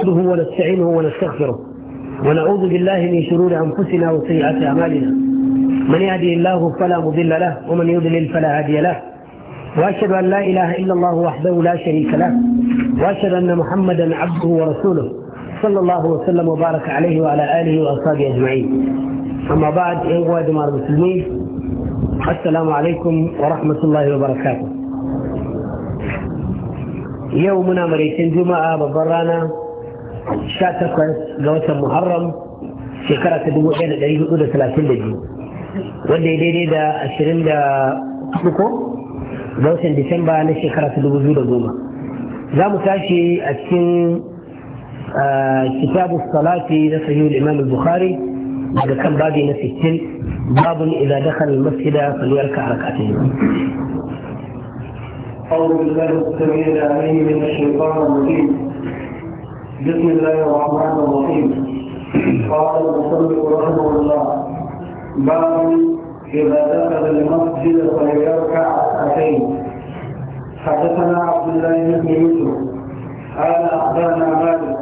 نحمده ونستعينه ونستغفره ونعوذ بالله من شرور أنفسنا وسيئات أعمالنا من يهدي الله فلا مضل له ومن يضلل فلا هادي له وأشهد أن لا إله إلا الله وحده لا شريك له وأشهد أن محمدا عبده ورسوله صلى الله وسلم وبارك عليه وعلى آله وأصحابه أجمعين أما بعد أيها دمار المسلمين السلام عليكم ورحمة الله وبركاته يومنا مريتين جمعة ببرانا Sha takwas ga watan muharram shekara ta dubu ɗaya da da da ɗari biyu wanda ya daidai da ashirin da 24 ga watan disamba na shekara ta dubu biyu da 2010 za mu tashi a cikin kitabu salati na sahihul imam al-bukhari daga kan babi na 60 babun idza dakhala al-masjida falyarka rak'atayn أعوذ بالله السميع العليم من الشيطان الرجيم بسم الله الرحمن الرحيم قال المصنف رحمه الله باب إذا دخل المسجد فليركع ركعتين حدثنا عبد الله بن يوسف قال أخبرنا مالك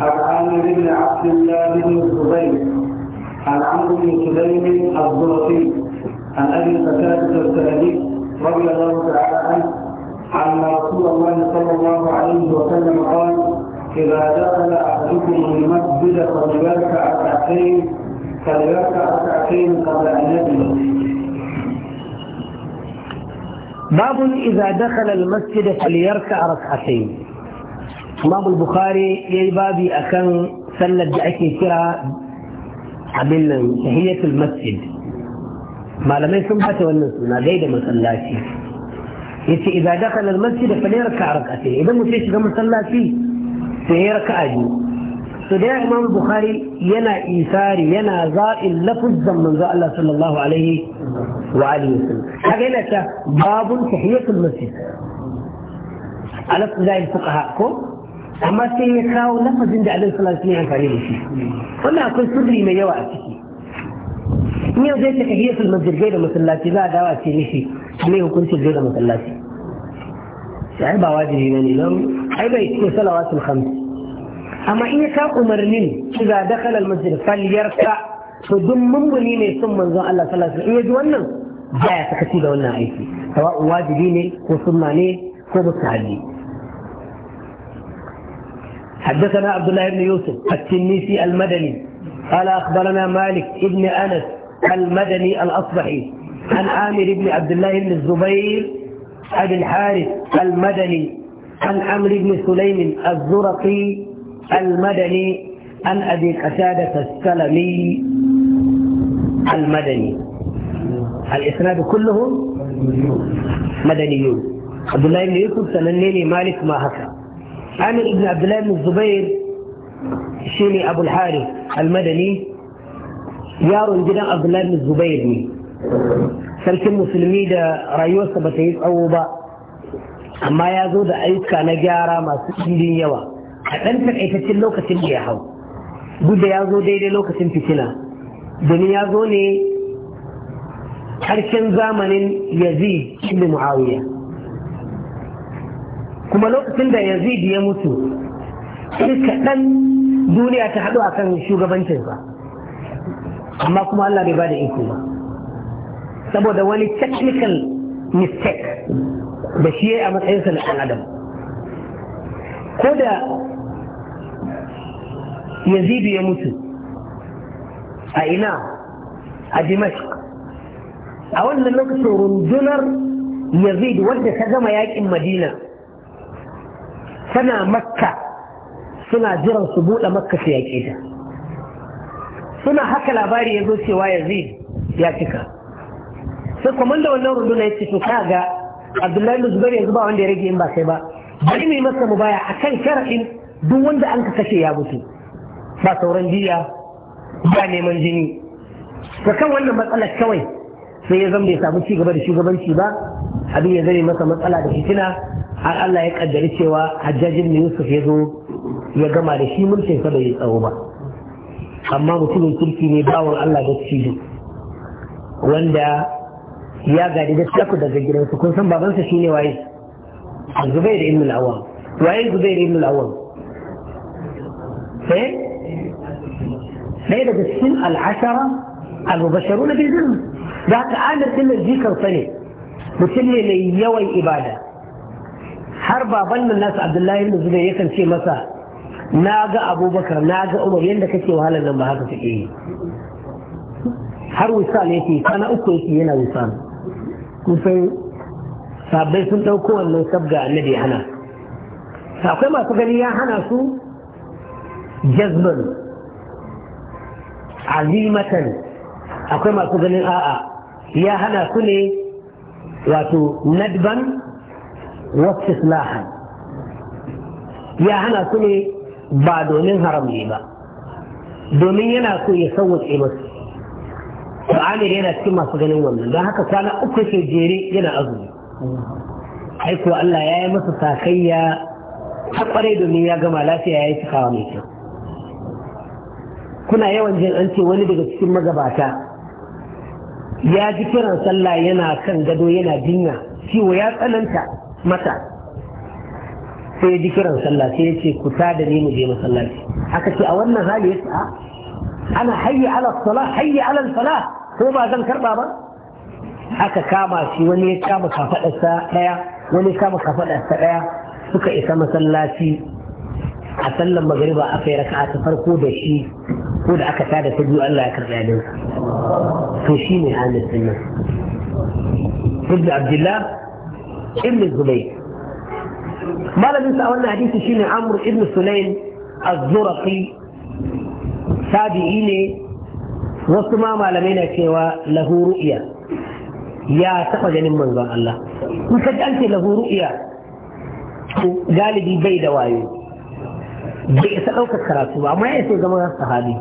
عن عامر بن عبد الله بن الزبير عن عمرو بن سليم الزرقي عن أبي قتادة السلمي رضي الله تعالى عنه عن رسول الله صلى الله عليه وسلم قال إذا دخل أحدكم المسجد فليركع ركعتين فليركع ركعتين قبل أن يدخل باب إذا دخل المسجد فليركع ركعتين باب البخاري يي بابي أكن سنة أكي كرا عملنا تحية المسجد ما لم يسمح تولن ما جيدة مسلاتي يتي إذا دخل المسجد فليركع ركعتين إذا مشيش مسلاتي سيرك أجل سيدي إمام البخاري ينا إيثار ينا زائل لفظ من زائل الله صلى الله عليه وعلى وسلم حقيقة باب تحية المسجد على فضائل الفقهاء أما سيدي كاو لفظ عند عليه الصلاة والسلام عن فعليه فلا أقول سدري ما يوعدك إني أزيت تحية المسجد غير مسلاتي لا دواء سيريشي أني كنت غير مسلاتي عيب واجب هنا لهم عيب يتكلم صلوات الخمس amma in ka umarnin idza dakhala al-masjid falyarka to duk mummuni ne sun manzon Allah sallallahu alaihi wasallam in yaji wannan baya sakaci da wannan aiki sawa'un wajibi ne ko sunna ne ko mustahabi حدثنا عبد الله بن يوسف التنيسي المدني قال اخبرنا مالك ابن انس المدني الاصبحي عن عامر بن عبد الله بن الزبير ابي الحارث المدني عن عمرو بن سليم الزرقي المدني عن أبي قتادة السلمي المدني الإسناد كلهم مدنيون عبد الله بن يوسف سنني مالك ما هكا عامر ابن عبد الله بن الزبير شيني أبو الحارث المدني يا رجل عبد الله بن الزبير مي سلك المسلمي دا رايو سبتيز أوبا أما يازو دا أيوكا نجارة ما سيدي يوا a ɗan takaitaccen lokacin da ya hau duk da ya zo daidai lokacin fitina domin ya zo ne harshen zamanin yazid ibn muawiya kuma lokacin da yazid ya mutu sai kaɗan duniya ta haɗu akan shugabancinsa amma kuma Allah bai ba da iko ba saboda wani technical mistake da shi ya yi a matsayinsa na ɗan adam ko da yazidu ya mutu a ina a dimashq a wannan lokacin rundunar yazid wanda ta gama yakin madina tana makka suna jiran su buɗe makka su yaƙe ta suna haka labari ya zo cewa yazid ya cika sai kwamanda wannan runduna ya ce to ka ga abdullahi zubair yanzu ba wanda ya rage in ba sai ba bari mu yi masa mu baya akan sharaɗin duk wanda an kashe ya mutu ba sauran jiya ba neman jini ga kan wannan matsala kawai sai ya zama bai samu ci gaba da shugabanci ba abin ya zame masa matsala da fitina har Allah ya kaddari cewa hajjajin ne Yusuf ya zo ya gama da shi mulkin sa bai tsawo ba amma mutumin kirki ne bawon Allah da cijo wanda ya gadi da shaku daga su kun san babansa shine waye Zubair ibn al-Awwam waye Zubair ibn al-Awwam sai eh? فهي السن العشرة المبشرون في الجنة ده تعالى سن الجيكة الصلي بسن لي يوي إبادة حربا بل الناس عبد الله بن زبير يكن في مساء ناقة أبو بكر ناقة أمر يندك في وهلا لما هذا في إيه حر وصال يتي فأنا أكو يتي هنا وصال كفين فأبين سنت أكو أنه سبقى النبي أنا فأقيمة تقنية أنا سو جذبا azimatan akwai masu ganin a'a ya hana su ne wato nadban wastislahan ya hana su ne ba domin haram ba domin yana so ya sauwaƙe masu da yana cikin masu ganin wannan don haka kwana uku ke jere yana azumi aiko Allah ya yi masa sakayya ta kwarai domin ya gama lafiya ya yi cikawa mai kyau kuna yawan jin an ce wani daga cikin magabata ya ji kiran sallah yana kan gado yana jinya ciwo ya tsananta mata sai ya ji kiran sallah sai ya ce ku ta da ni mu je masallaci aka ce a wannan hali ya sa'a ana hayyi ala sala hayyi ala sala ko ba zan karba ba aka kama shi wani ya kama kafadarsa daya wani kama kafadarsa daya suka isa masallaci a sallar magariba aka yi raka'a ta farko da shi ko da aka sada ta biyu Allah ya karɓi yadinsa to shi ne Hamid din nan ibn Abdullah ibn Zubayr malamin sa wannan hadisi shine amur ibn Sulaim az-Zurqi tabi'i ne wasu ma malamai na cewa lahu ru'ya ya taɓa ganin manzon Allah in ka ji an ce lahu ru'ya galibi bai da wayo bai isa ɗaukar karatu ba amma ya isa zama sahabi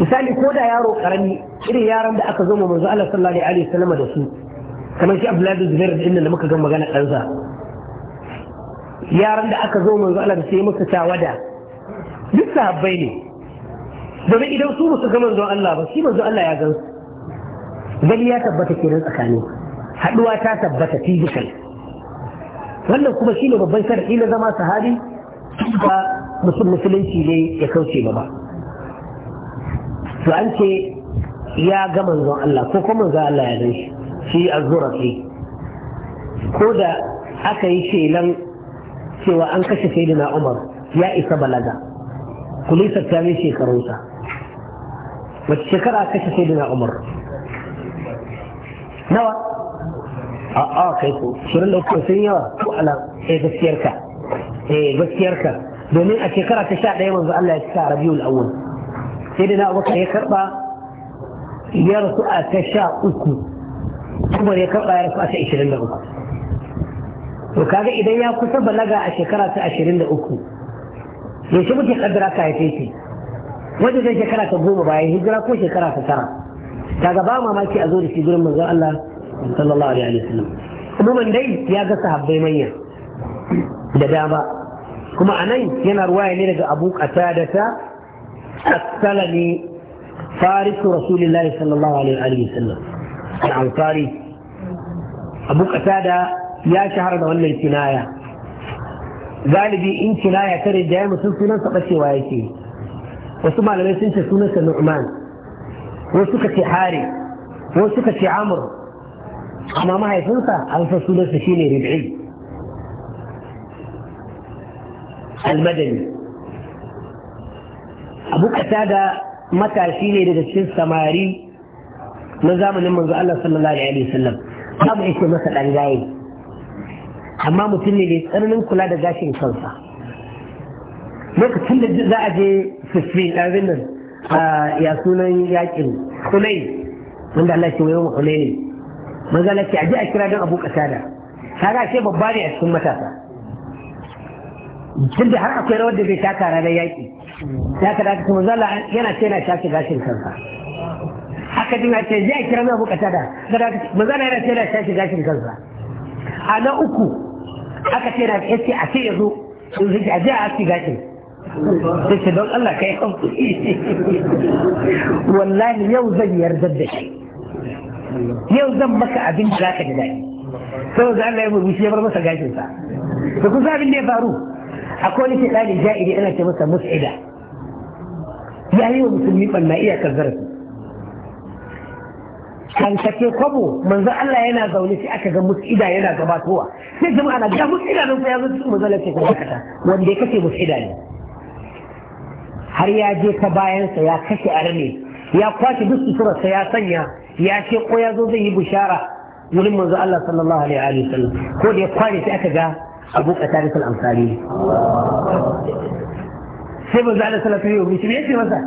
misali ko da yaro karami irin yaran da aka zo mu manzo Allah sallallahu alaihi wasallam da su kamar shi Abdullahi bin Zubair din da muka ga magana ɗansa yaran da aka zo manzo Allah da sai muka tawada duk sahabbai ne domin idan su musu ga manzo Allah ba shi manzo Allah ya gansu gani ya tabbata kenan tsakani haduwa ta tabbata physical wannan kuma shi ne babban sharadi na zama sahabi ba musulunci ne ya kauce ba ba to an ce ya ga manzon Allah ko kuma manzon Allah ya shi shi az-zurafi ko da aka yi shelan cewa an kashe sayyidina Umar ya isa balaga kulisa ta mai shekarunsa Wacce shekara kashe sayyidina Umar nawa a'a kai ko shirin da kuma sun yawa ko ala eh gaskiyarka eh gaskiyarka domin a shekara ta sha ɗaya, manzo Allah ya cika Rabiul Awwal sai da na abubakar ya karba ya rasu a ta sha uku kuma ya karba ya rasu a ta ishirin da uku to kaga idan ya kusa balaga a shekara ta ashirin da uku ya shi muke kaddara ka haife shi wajen zai shekara ta goma bayan hijira ko shekara ta tara kaga ba mamaki a zo da shi gurin manzon Allah sallallahu alaihi wa sallam umuman dai ya ga sahabbai manya da dama kuma anan yana ruwaya ne daga Abu Qatada ta السلمي فارس رسول الله صلى الله عليه وآله وسلم الأنصاري أبو قتادة يا شهر ده ولا الكناية galibi in kinaya ta da musu mutum sunansa ɓacewa yake wasu malamai sun ce sunansa nu'man wasu suka ce hari wasu suka ce amur amma mahaifinsa an sunansa shine rib'i almadani abu da matashi ne daga cikin samari na zamanin manzo Allah sallallahu alaihi wasallam babu yake masa dan gaye amma mutum ne da tsananin kula da gashin kansa lokacin da za a je fifin ɗarin nan ya sunan yakin kunai. wanda Allah ke wayo kunai ne manzo Allah ke aje a kira don abu da kaga ce babba ne a cikin matasa tunda har akwai rawar da zai taka ranar yaƙi ya ka daga kuma zalla yana ce yana shafe gashin kansa haka jina ce zai kira mai bukata da mazana yana ce yana tashi gashin kansa a na uku aka ce na ce a ce ya zo in zai a jiya a ci gashin sai ce don Allah kai hankali wallahi yau zan yarda da shi yau zan maka abin da zaka ji daɗi sai da Allah ya murmushi ya bar masa gashin sa to kusa abin da ya faru akwai wani ke ɗalin ja'iri ana ce masa mus'ida ya yi wa musulmi banna iyakar zarafi kankace kwabo manzo Allah yana zaune sai aka ga musida yana gabatowa sai jama'a na ga musida don sai ya zo cikin manzo ce kuma kata wanda ya kace musida ne har ya je ta bayansa ya kashe arne ya kwace duk suturarsa ya sanya ya ce ko ya zo zai yi bishara wurin manzo Allah sallallahu alaihi wa sallam ko da ya kware sai aka ga abu qatada al sai manzo Allah sallallahu alaihi wasallam ya ce masa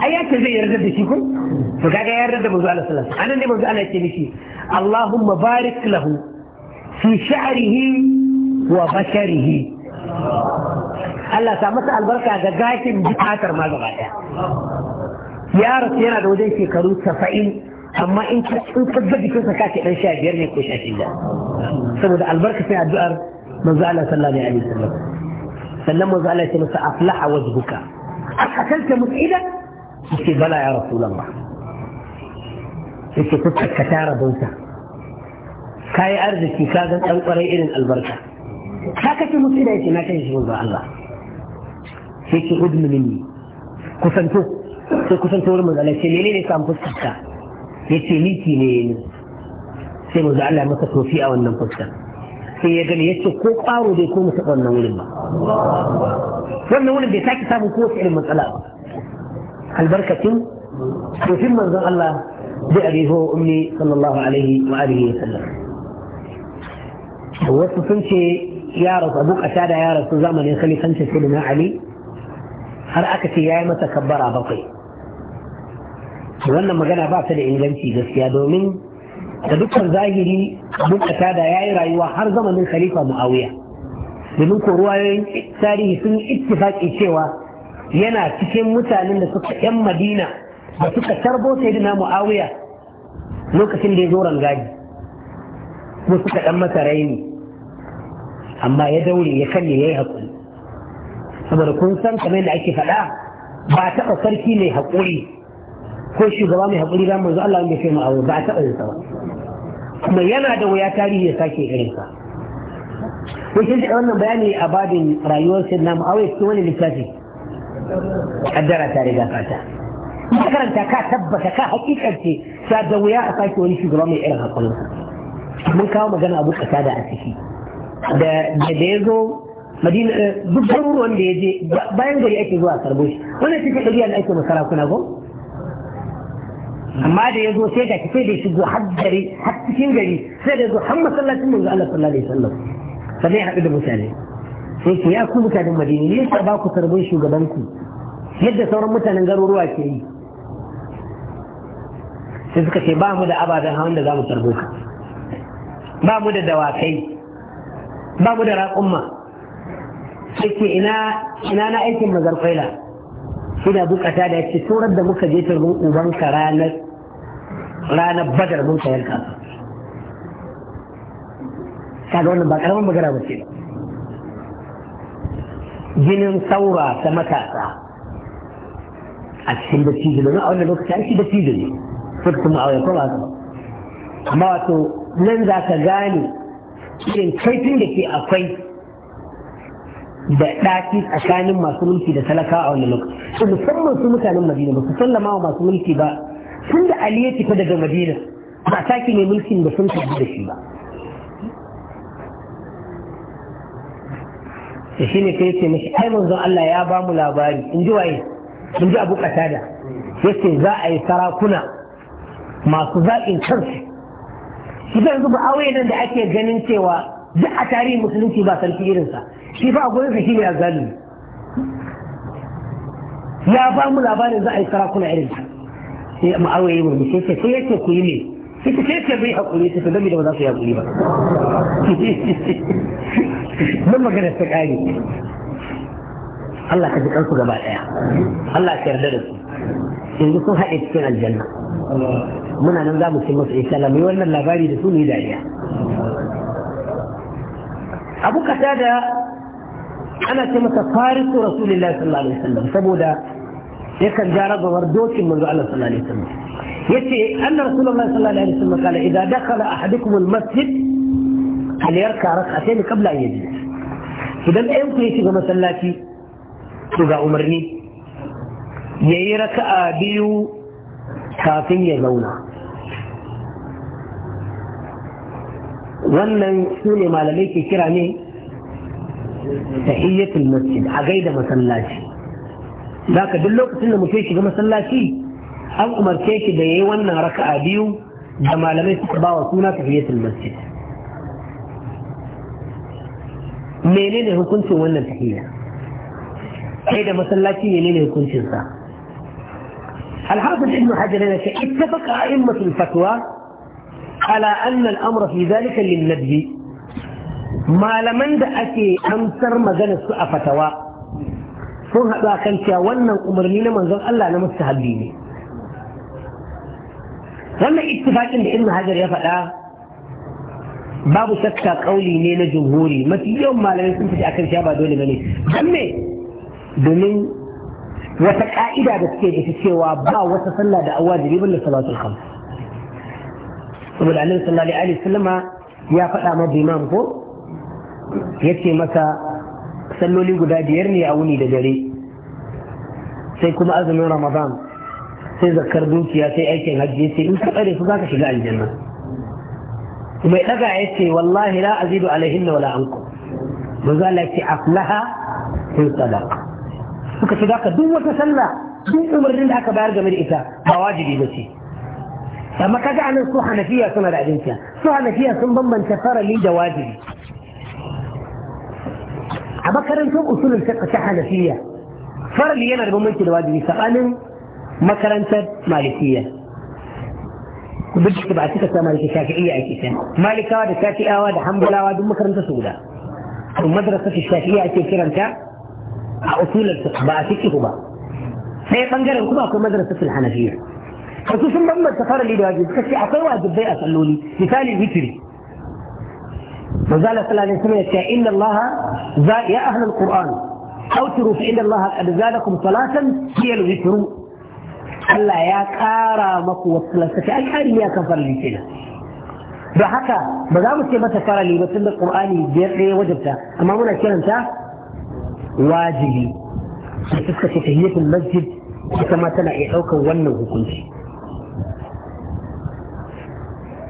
ai zai yarda da shi ko to kaga ya yarda da manzo Allah sallallahu alaihi wasallam anan ne manzo Allah ya ce mishi Allahumma barik lahu fi sha'rihi wa basharihi Allah ta masa albarka ga gashin bukatar ma gaba daya ya rasu yana da wajen shekaru 70 amma in ka tsufar da jikinsa ka ce dan sha biyar ne ko sha shida saboda albarka sai addu'ar manzo Allah sallallahu alaihi wasallam sannan manzo Allah ya ce masa aflaha wajhuka akakalta mus'idan yace bala ya rasulullah yace kuka ka tara bauta kai arziki ka ga dan kwarai irin albarka ka kace mus'ida yace na kai shi manzo Allah yace udmi minni kusanto sai kusanto wurin manzo Allah yace menene ka fuskar ka yace miki ne sai manzo Allah masa tofi a wannan fuskar sai ya gani yace ko ƙwaro bai koma taɓa wannan wurin ba wannan wurin bai sake samun kowace irin matsala ba albarkacin tofin manzon Allah da abihu wa ummi sallallahu alaihi wa alihi wa sallam wasu sun ce ya rasu abu ƙasa da ya rasu zamanin khalifancin na ali har aka ce ya yi masa kabbara bakwai wannan magana ba ta da inganci gaskiya domin da dukkan zahiri mutaka da ya yi rayuwa har zamanin khalifa muawiya domin ko tarihi sun ittifaki cewa yana cikin mutanen da suka yan madina da suka tarbo sayyidina muawiya lokacin da ya zo rangaji ko suka dan masa raini amma ya daure ya kalle yi haƙuri. saboda kun san kamar da ake faɗa ba taɓa sarki mai haƙuri ko shugaba mai haƙuri ba manzo Allah bai sai mu aure ba taɓa yin sa ba kuma yana da wuya tarihi ya sake irinsa wajen da wannan bayani a babin rayuwar sai na ma'awai cikin wani littafi kaddara ta riga fata ka karanta ka tabbata ka hakikance sa da wuya a sake wani shugaba mai irin hakurin mun kawo magana abu kasa da a ciki da da ya zo madina duk garuruwan da ya je bayan gari ake zuwa karbo shi wannan cikin ɗabi'a da ake masara kuna ko amma da ya zo sai ga sai da shigo har gari har cikin gari sai da zo har masallacin manzo Allah sallallahu alaihi wasallam sai ya haɗu da mutane sai ku ya ku mutanen Madina ne sai ba ku tarbin shugaban ku yadda sauran mutanen garuruwa ke yi sai suka ce ba mu da ababen hawan da za mu tarbo ka ba mu da dawakai ba mu da raƙumma sai ke ina na aikin mazarfaila suna bukata da yake turar sauran da muka je turbin ubanka ranar ranar badar mun kayan kasa kaga wannan ba karamin magana ba ce jinin saura ta matasa a cikin dattijo domin a wannan lokaci an da dattijo ne su kuma a wayan kuma ba amma wato nan za ka gane irin kaifin da ke akwai da ɗaki tsakanin masu mulki da talaka a wani lokaci musamman su mutanen madina ba su sallama wa masu mulki ba tun da ali ya fita daga madina ba a sake mai mulkin da sun tafi da shi ba da shi ne kai ce mashi ai manzon Allah ya ba mu labari in ji waye in ji abu katada ce za a yi sarakuna masu zaƙin kansu shi yanzu ba awaye nan da ake ganin cewa duk a tarihin musulunci ba sarki irinsa shi fa a gurin sa shine azzalimi ya ba mu labarin za a yi sarakuna irin ta. sai Awa ya murmushi ce sai yake ku yi ne ita ce ce bai hakuri ta su da ba za su yi hakuri ba nan maganar ta kare Allah ka ji kansu gaba ɗaya, Allah ka yarda da su yanzu sun haɗe cikin aljanna muna nan za mu ce masu insha Allah mai wannan labari da su ne dariya abu kata da ana ce masa farisu rasulullahi sallallahu alaihi wasallam saboda yakan ja ragawar dokin manzo Allah sallallahu alaihi wasallam yace anna rasulullahi sallallahu alaihi wasallam kala idan dakhala ahadukum almasjid hal yarka rak'atayn qabla an yajlis idan ɗayan ku ya shiga masallaci to ga umarni yayi raka'a biyu kafin ya zauna wannan su ne malamai ke kira ne ta tahiyyatul masjid a gaida masallaci za ka duk lokacin da muke ya shiga masallaci an umarce shi da yayi wannan raka'a biyu da malamai suka ba wa suna ta tahiyyatul masjid menene hukuncin wannan tahiyya sai da masallaci menene hukuncinsa الحافظ ابن حجر اتفق أئمة الفتوى على أن الأمر في ذلك للنبي ما لمن دا أكي أمسر مغانا سوء فتوى sun haɗu a kan cewa wannan umarni na manzon Allah na mustahabbi ne wannan ittifaqin da Ibn Hajar ya faɗa babu shakka kauli ne na jumhuri mafi yawan malamai sun tafi akan cewa ba dole bane dan me domin wata ka'ida da suke da cewa ba wata sallah da awajibi balla salatul khams saboda annabi sallallahu alaihi wasallam ya faɗa ma imam ko yace masa salloli guda biyar ne a wuni da dare sai kuma azumin ramadan sai zakar dukiya sai aikin hajji sai in ka tsare su zaka shiga aljanna mai ɗaga daga ya ce wallahi la azidu alaihin wala anku manzo Allah ya ce aflaha in sadaqa suka shiga zaka duk wata sallah duk umarnin da aka bayar game da ita ba wajibi ba ce amma kaga anan su hanafiya suna da abinci su hanafiya sun bambanta farali da wajibi a makarantar usulun fiqh ta hanafiya farali yana da bambanci da wajibi sabanin makarantar malikiya ku duk ba cika sa maliki shafi'iyya ake san malikawa da shafi'awa da hanbalawa duk makarantar su guda to madrasar shafi'iyya ake kiranta a usulun fiqh ba a fiqh ba sai bangaren kuma akwai madrasar hanafiyya kasu sun bambanta farali da wajibi suka akwai wajibai a salloli misali witiri وقال صلى الله عليه وسلم إن الله يا أهل القرآن أوتروا فإن الله قد زادكم صلاة هي الوتر Allah ya ƙara maku wasu lantarki ai hari ya kan farali kenan da haka ba za mu ce mata farali ba tun da ƙur'ani biyar ɗaya wajabta amma muna kiranta wajibi sai suka ce masjid ita ma tana iya ɗaukar wannan hukunci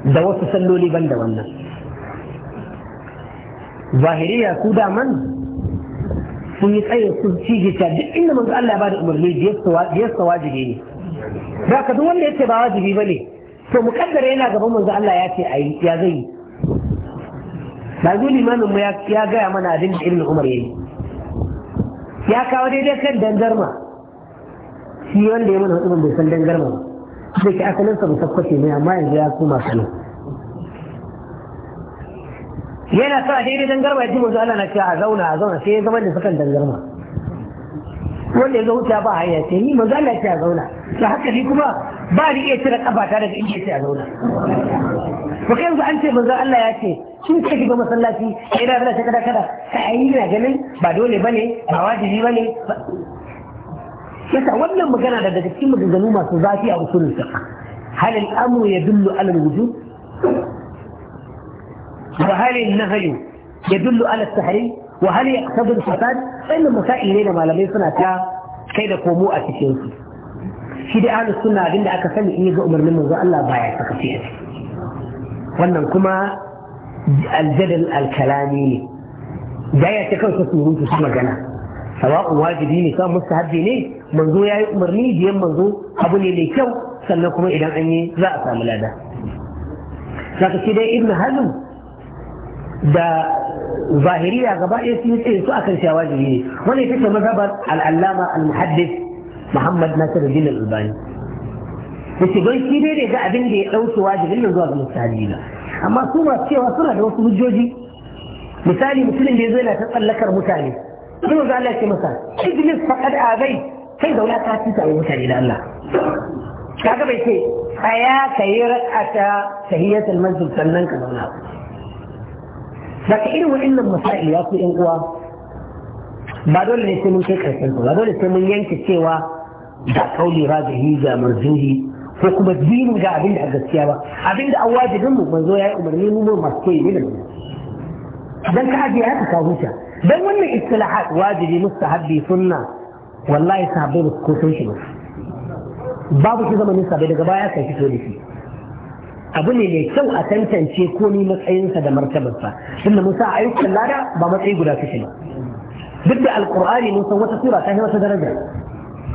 da wasu salloli ban da wannan zahiriya ku daman sun yi tsaye sun cigita duk inda manzo Allah ya bada umarni biyarsa wajibi ne da ka duk wanda yace ba wajibi bane to mukaddara yana gaban manzo Allah ya ce ayi ya zai da zo mu ya gaya mana abin da irin Umar yayi ya kawo daidai kan dangarma shi wanda ya mana hudu bai san dangarma ba da ke asalinsa ba sakwace ne amma yanzu ya koma kano yana sa a daidai dangarma ya ji mazu Allah na cewa a zauna a zauna sai ya zama da sukan dangarma wanda ya zauta wuta ba hanya sai ni mazu Allah ya ce a zauna da haka ni kuma ba ni iya cire kafata daga inda ya ce a zauna ba kai yanzu an ce mazu Allah ya ce sun ce shiga masallaci sai da ya ta kada kada sai a yi na ganin ba dole ba ne ba wajibi ba ne yasa wannan magana daga cikin maganganu masu zafi a usulun fiqh hal al-amru yadullu ala al-wujub wa hal an-nahyu yadullu ala at-tahrim wa hal yaqtadi al-fasad in masail ne da malamai suna ta kai da komo a cikin su shi da ahlus sunna abinda aka sani in ga umarnin manzo Allah baya saka fiye wannan kuma al-jadal al-kalami ne da ya ta kawai ta surutu su magana sawa'un wajibi ne sa mustahabbi ne manzo yayi umarni biyan manzo abu ne mai kyau sannan kuma idan an yi za a samu lada saka shi dai ibnu hazm da zahiriya gaba ɗaya sun tsaye su akan cewa wajibi ne wani ita ce mazhabar al'allama al-muhaddis muhammad nasiruddin al-albani yace don shi dai ne ga abin da ya ɗauke wajibin nan zuwa ga mustahabi ba amma su masu cewa suna da wasu hujjoji misali mutumin da ya zo yana ta tsallakar mutane منو قال لك مثلا اجلس فقد ابيت كيف لا تعطيت او مثلا الى الله كذا بيتي حياة سيرة أتى سهية المنزل سنن كما لكن إنه وإن المسائل يأتي إن هو ما دول يسمون شيء كيسان ما دول يسمون ينك السيوة دا قولي راجه يجا مرزوهي فوقم الدين جا عبين حق السيوة عبين دا أواجه دمه منزوه يأي أمرني ممو مرسكي من المنزل لن dan wannan istilahat wajibi mustahabbi sunna wallahi sahabbai ba ko san shi ba babu shi zamanin sahabbai daga baya kai fito da shi abu ne mai kyau a tantance ko komi matsayinsa da martabarsa tunda mun sa ayyukan lada ba matsayi guda kake ba duk da alqur'ani mun san wata sura ta fi wata daraja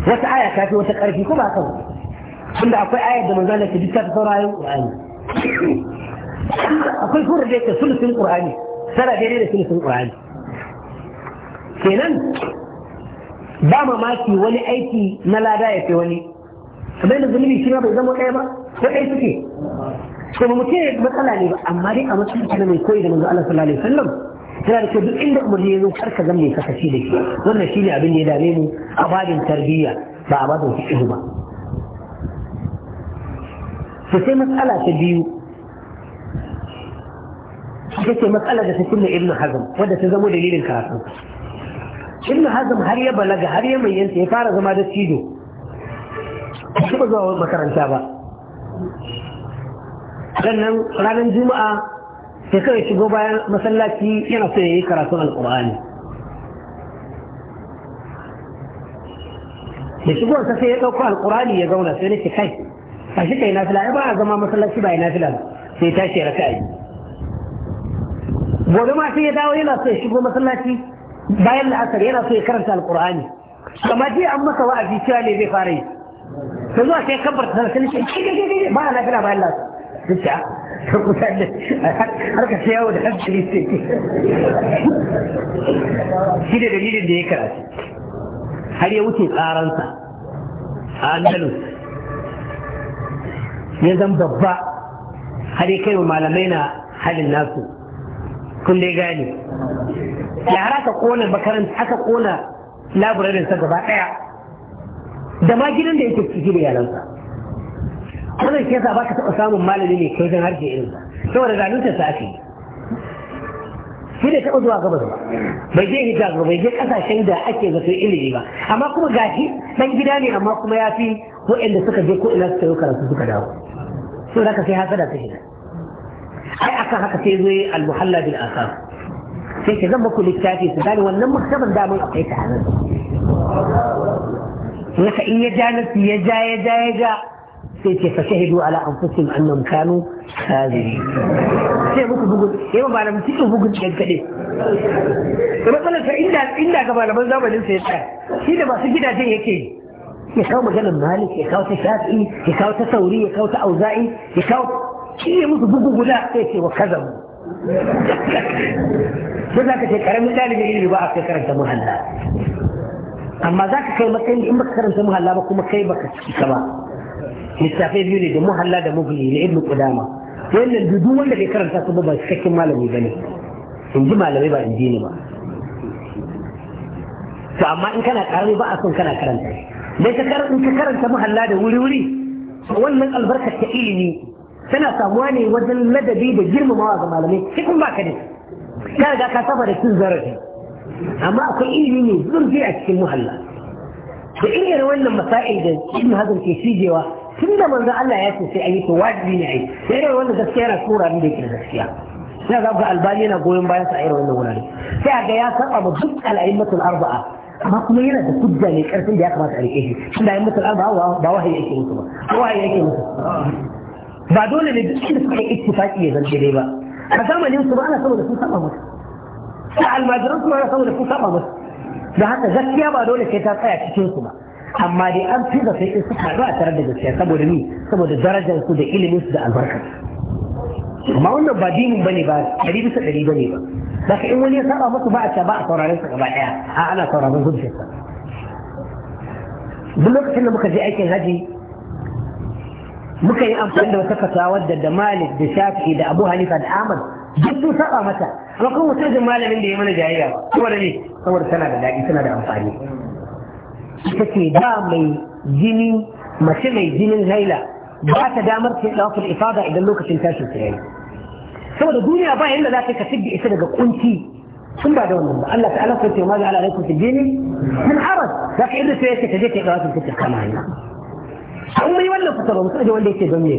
wata aya ta fi wata karfi ko ba kawai tunda akwai aya da manzo Allah ke dukkan saurayin qur'ani akwai sura da ke sulusin qur'ani sara tana ne da sulusin qur'ani kenan ba mamaki wani aiki na lada ya fi wani kamar da zunubi shi ma bai zama ɗaya ba ko ɗaya suke to muke matsala ne ba amma dai a matsayin kana mai koyi da manzo Allah sallallahu alaihi wasallam yana da duk inda umarni ya zo kar ka zama da shi wannan shine abin da ya dame mu a babin tarbiyya ba a babin fiqh ba to sai matsala ta biyu ita ce matsala da ta kunna ibnu hazm wadda ta zama dalilin karatu ibn hazm har ya balaga har ya mayyanta ya fara zama da cido shi ba zuwa makaranta ba sannan ranar juma'a sai kawai shigo bayan masallaci yana so ya yi karatun alkur'ani da shigonsa sai ya ɗauko alkur'ani ya zauna sai nake kai a shi kai nafila ai ba a zama masallaci ba ya nafila sai tashi raka a yi gobe ma sai ya dawo yana so ya shigo masallaci bayan la'asar yana so ya karanta alkur'ani amma jiya an masa wa'azi cewa ne zai fara yi ta zuwa sai kabbar ta sanar sai ce ba a lafiya bayan la'asar ta ta kusa da har ka yawo da hankali sai shi da dalilin da ya karatu har ya wuce tsaransa a andalus ya zan babba har ya kai wa malamai na halin nasu kun dai gane ya har kona makaranta aka kona labirarin sa gaba daya da ma gidan da yake ciki da yaransa wannan ke sa baka taɓa samun malami ne kai don harshe irinsa saboda zalunta ta ake yi shi zuwa gaba bai je hijab ba bai je ƙasashen da ake zato ilimi ba amma kuma gashi ɗan gida ne amma kuma yafi fi waɗanda suka je ko ina suka yi karatu suka dawo so da ka sai hasada ta shiga اي اكثر حتى في زي المحلى بالاثار في كذا مكو للكافي سبالي ونم مكتب دامو يقيت عنا يكا اي جانت يا جا يا جا يا جا فشهدوا على انفسهم انهم كانوا خاذلين شيء مكو بقول ايه ما انا مسيكو بقول جنكدي مثلا فإلا إلا كما انا من زمن سيكي كده ما سيكي ناجي يكي مجال المالك يكاو تشافئي يكاو تصوري يكاو تأوزائي يكاو shi musu bugu guda sai ce wa kaza mu ko za ka ce karamin dalibin ilimi ba a kai karanta muhalla amma za ka kai matsayin in baka karanta muhalla ba kuma kai baka cika ba littafai biyu ne da muhalla da mubni da ibnu qudama wannan dudu wanda bai karanta su ba ba cikakken malami bane in ji malamai ba in ji ni ba to amma in kana karami ba a son kana karanta dai ka karanta muhalla da wuri wuri wannan albarkar ta ilimi tana samuwa ne wajen ladabi da girmamawa ga malamai sai kuma ba ka ne ka riga ka saba da cin zarafi amma akwai ilimi ne zurfi a cikin muhalla da irin wannan masa'il da ibn hazm ke shigewa tun da manzo Allah ya ce sai ayi to wajibi ne ayi sai irin wannan gaskiya yana tsora ne da ke gaskiya sai ga albani yana goyon bayan sa irin wannan wurare sai ga ya saba ma duk al'aimatul arba'a amma kuma yana da hujja ne karfin da ya kamata a rike shi tunda ayyimatul arba'a ba wahayi yake musu ba wahayi yake musu ba dole ne duk inda suka yi ittifaki ya zance dai ba a zamanin su ba ana saboda sun saba musu a almajiran su ma ana saboda sun saba musu da haka gaskiya ba dole sai ta tsaya cikin su ba amma dai an fi da sai su haɗu a tare da gaskiya saboda ni saboda darajar su da ilimin su da albarkar amma wannan ba dinin bane ba ɗari bisa ɗari bane ba daga in wani ya saba musu ba a ce ba a sauraron sa gaba ɗaya a ana sauraron hujjarsa duk lokacin da muka je aikin haji muka yi amfani da wata fatawar da da malik da shafi da abu hanifa da ahmad duk sun saba mata amma kuma mutum da malamin da ya mana jayayya saboda ne saboda tana da daɗi tana da amfani ita ce ba mai jini mace mai jinin haila ba ta damar ta ɗaukar ifada idan lokacin tashin ta yayi saboda duniya ba yanda za ta ka da ita daga kunci sun ba da wannan ba Allah ta'ala ko ce ma za alaikum fi dini min haraj zaka irin sai ta je ta yi ɗaukar ta kama hanya an mai wannan kusa ba musu da wanda yake don ne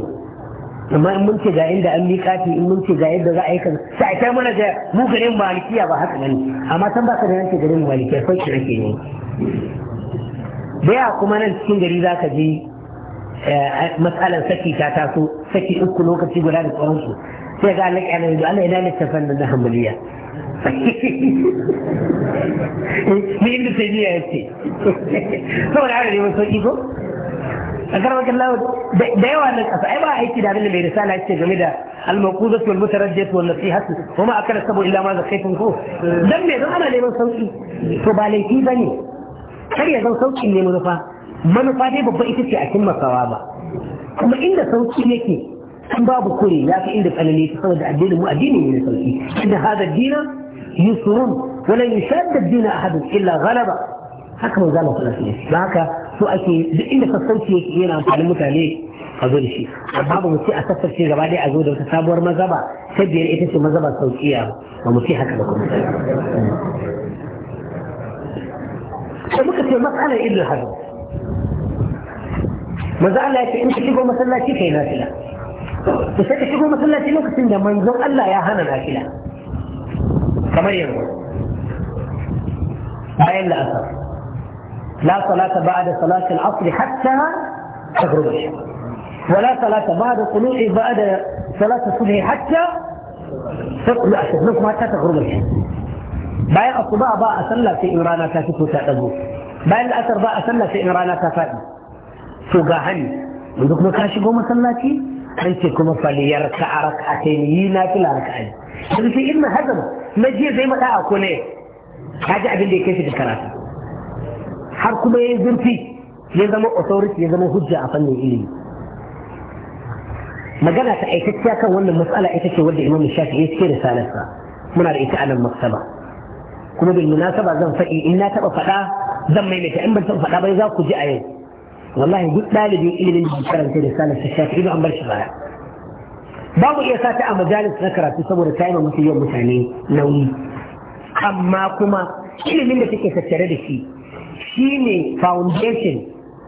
amma in mun ce ga inda an ki in mun ce ga yadda za a yi kaza sai kai mana da mu garin malikiya ba haka nan amma san ba ka da yanke garin malikiya kai ki rake ne da ya kuma nan cikin gari za ka je eh, matsalan saki ta taso saki uku lokaci guda da tsawonsu, sai ga Allah ya nan Allah ya lalata fannin na hambaliya eh, ni inda sai ni ya ce saboda ana neman sauki ko a karbakin lawa da yawa nan kasa ai ba aiki da abin da bai risala yake game da almakuzat wal mutaraddiyat wal nasihatu kuma akala sabu illa ma zakaytum ko dan me don ana neman sauki to ba laifi bane kar ya zan sauki ne mu manufa manufa dai babba ita ce a cimma sawa ba kuma inda sauki yake in babu kure ya fi inda tsanani ta saboda addinin mu addini ne sauki inda hada dina yusurun wala yushadda dina ahadun illa ghalaba haka manzo Allah sallallahu alaihi wasallam haka su ake duk inda sassauci yake yana amfanin mutane a zo da shi amma ba mu ce a sassauce gaba ɗaya a zo da wata sabuwar mazaba ta biyar ita ce mazaba sauƙiya ba mu ce haka ba kuma sai muka ce matsalar ibn hazm manzo Allah ya ce in ka shigo masallaci kai nafila to sai ka shigo masallaci lokacin da manzon Allah ya hana nafila kamar yanzu bayan la'asar لا صلاة بعد صلاة العصر حتى تغرب الشمس ولا صلاة بعد طلوع بعد صلاة الصبح حتى تطلع الشمس حتى تغرب الشمس بعد الصباح باء صلى في إمرانا تاتيكو تأتبو بعد الأثر باء صلى في إمرانا تفاد فوقا هني منذ كما كاشي قوم صلاتي أنت كما صلي يركع ركعتين يينا ركعتين الأركع في إما هزم مجيء زي ما تأكله حاجة أبين لي كيف تكراتي har kuma ya yi zurfi ya zama authority ya zama hujja a fannin ilimi magana ta aikacciya kan wannan matsala ita ce wadda imam shafi ya ce risalarsa muna da ita a nan maktaba kuma bil munasaba zan faɗi in na taɓa faɗa zan maimaita in ban taɓa faɗa bai za ku ji a yau wallahi duk ɗalibin ilimin da karanta risalarsa shafi ido an bar shi baya babu iya sata a majalis na karatu saboda ta yi ma mutum yawan mutane nauyi amma kuma ilimin da take tattare da shi Shi ne foundation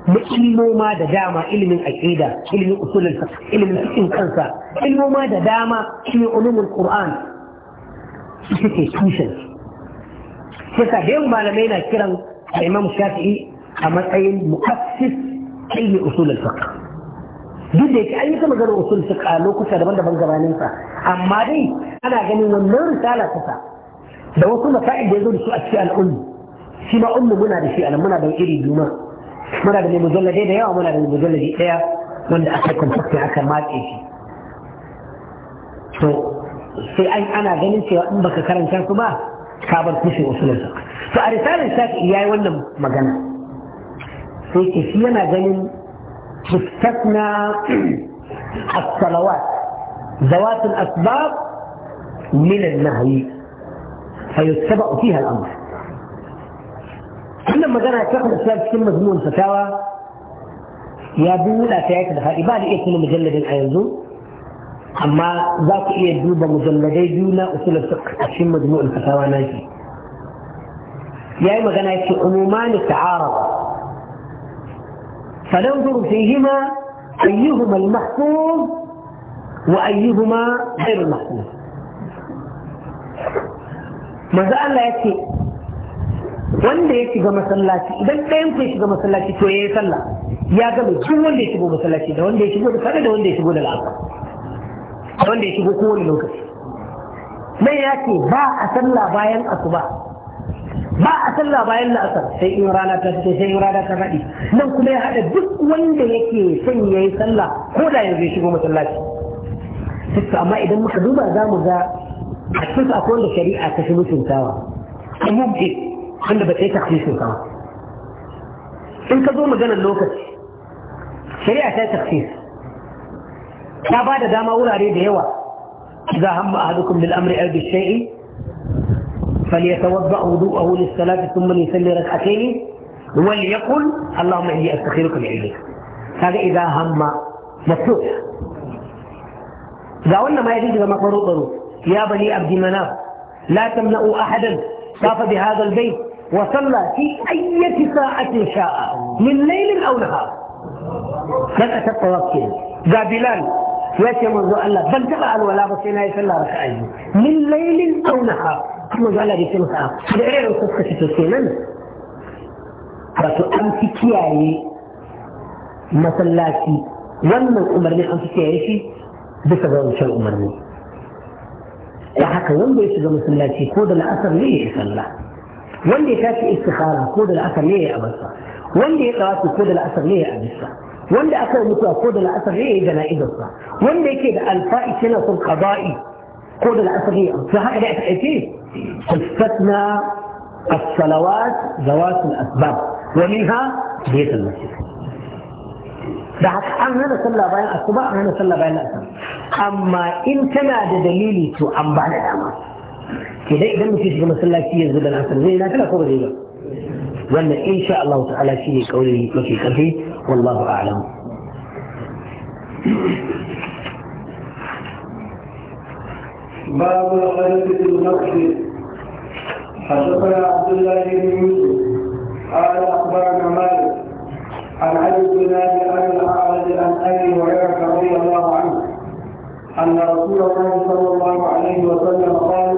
na ilmoma da dama ilimin aqida ilimin usulul ilimin fiqh kansa ilmoma da dama shi shine ulumul qur'an suke tushen sai da malamai na kiran imam shafi'i a matsayin muassis ilmi usulul fiqh duk da yake an yi ta maganar usul fiqh a lokuta daban-daban gabanin sa amma dai ana ganin wannan risala ta da wasu masa'il da ya zo da su a cikin al'umma shi ma ummu muna da shi anan muna da iri biyu muna da mai mujalladai da yawa muna da mai mujalladi ɗaya wanda aka kwamfakta aka matse shi to sai an ana ganin cewa in baka karanta su ba ka bar kushe usulinsa to a risalar shafi yayi wannan magana sai ke shi yana ganin as-salawat zawatul asbab min الأسباب nahyi النهي fiha al-amr wannan magana ta kan islam cikin mazmun fatawa ya buɗa ta yake da haɗi ba da iya tuna mujalladin a yanzu amma za ku iya duba mujalladai biyu na usulul fiqh a cikin majmu'ul fatawa na shi yayi magana yace umuman ta'arab فننظر فيهما أيهما المحفوظ وأيهما غير المحفوظ ماذا قال يأتي wanda ya shiga masallaci idan ɗayan ku ya shiga masallaci to ya yi sallah ya gama duk wanda ya shigo masallaci da wanda ya shigo da safe da wanda ya shigo da la'asar da wanda ya shigo kowane lokaci nan ya ce ba a sallah bayan asuba ba a sallah bayan la'asar sai in rana ta fito sai in rana ta faɗi nan kuma ya haɗa duk wanda yake son ya yi sallah ko da yanzu ya shigo masallaci amma idan muka duba za mu ga a cikin akwai wanda shari'a ta fi mutuntawa a wanda ba kai tafsirin sa in ka zo maganar lokaci shari'a ta tafsir ta ba da dama wurare da yawa إذا هم أحدكم بالأمر أو بالشيء فليتوضأ وضوءه للصلاة ثم ليصلي ركعتين وليقل اللهم إني أستخيرك بعلمك هذا إذا هم مفتوح إذا قلنا ما يجوز ما فروض يا بني عبد مناف لا تمنعوا أحدا طاف بهذا البيت وصلى في أي ساعة شاء من ليل أو نهار من أتبقى وقتين ذا بلال ياتي منذ الله بل تبع الولاء بس يسلى ركعين من ليل أو نهار ثم الله يصلى سنة آخر غير القصة تتسينا بس أمسي كياي مسلاتي wannan ومن an suke yi shi bisa ga wancan umarni da haka wanda ya shiga masallaci ko da la'asar wanda ya tashi istikhara ko da la'asar ne ya abarsa wanda ya tsawafi ko da la'asar ne ya abarsa wanda aka yi mutuwa ko da la'asar ne ya yi jana'izarsa wanda yake da alfa'i yana son qada'i ko da la'asar ne ya abarsa haka da aka aike tafatna as-salawat zawat al-asbab wa minha bayt al-masjid da haka an hana sallah bayan asuba an hana sallah bayan la'asar amma in kana da dalili to an ba da dama ke dai idan mutum shiga masallaci yanzu da nasan zai na ko ba zai ba wannan insha Allah ta'ala shi ne kauli mafi karfi wallahu a'lam باب الغلط في المسجد حدثنا عبد الله بن يوسف قال اخبرنا مالك عن علي بن ابي عن الاعرج عن ابي هريره رضي الله عنه ان رسول الله صلى الله عليه وسلم قال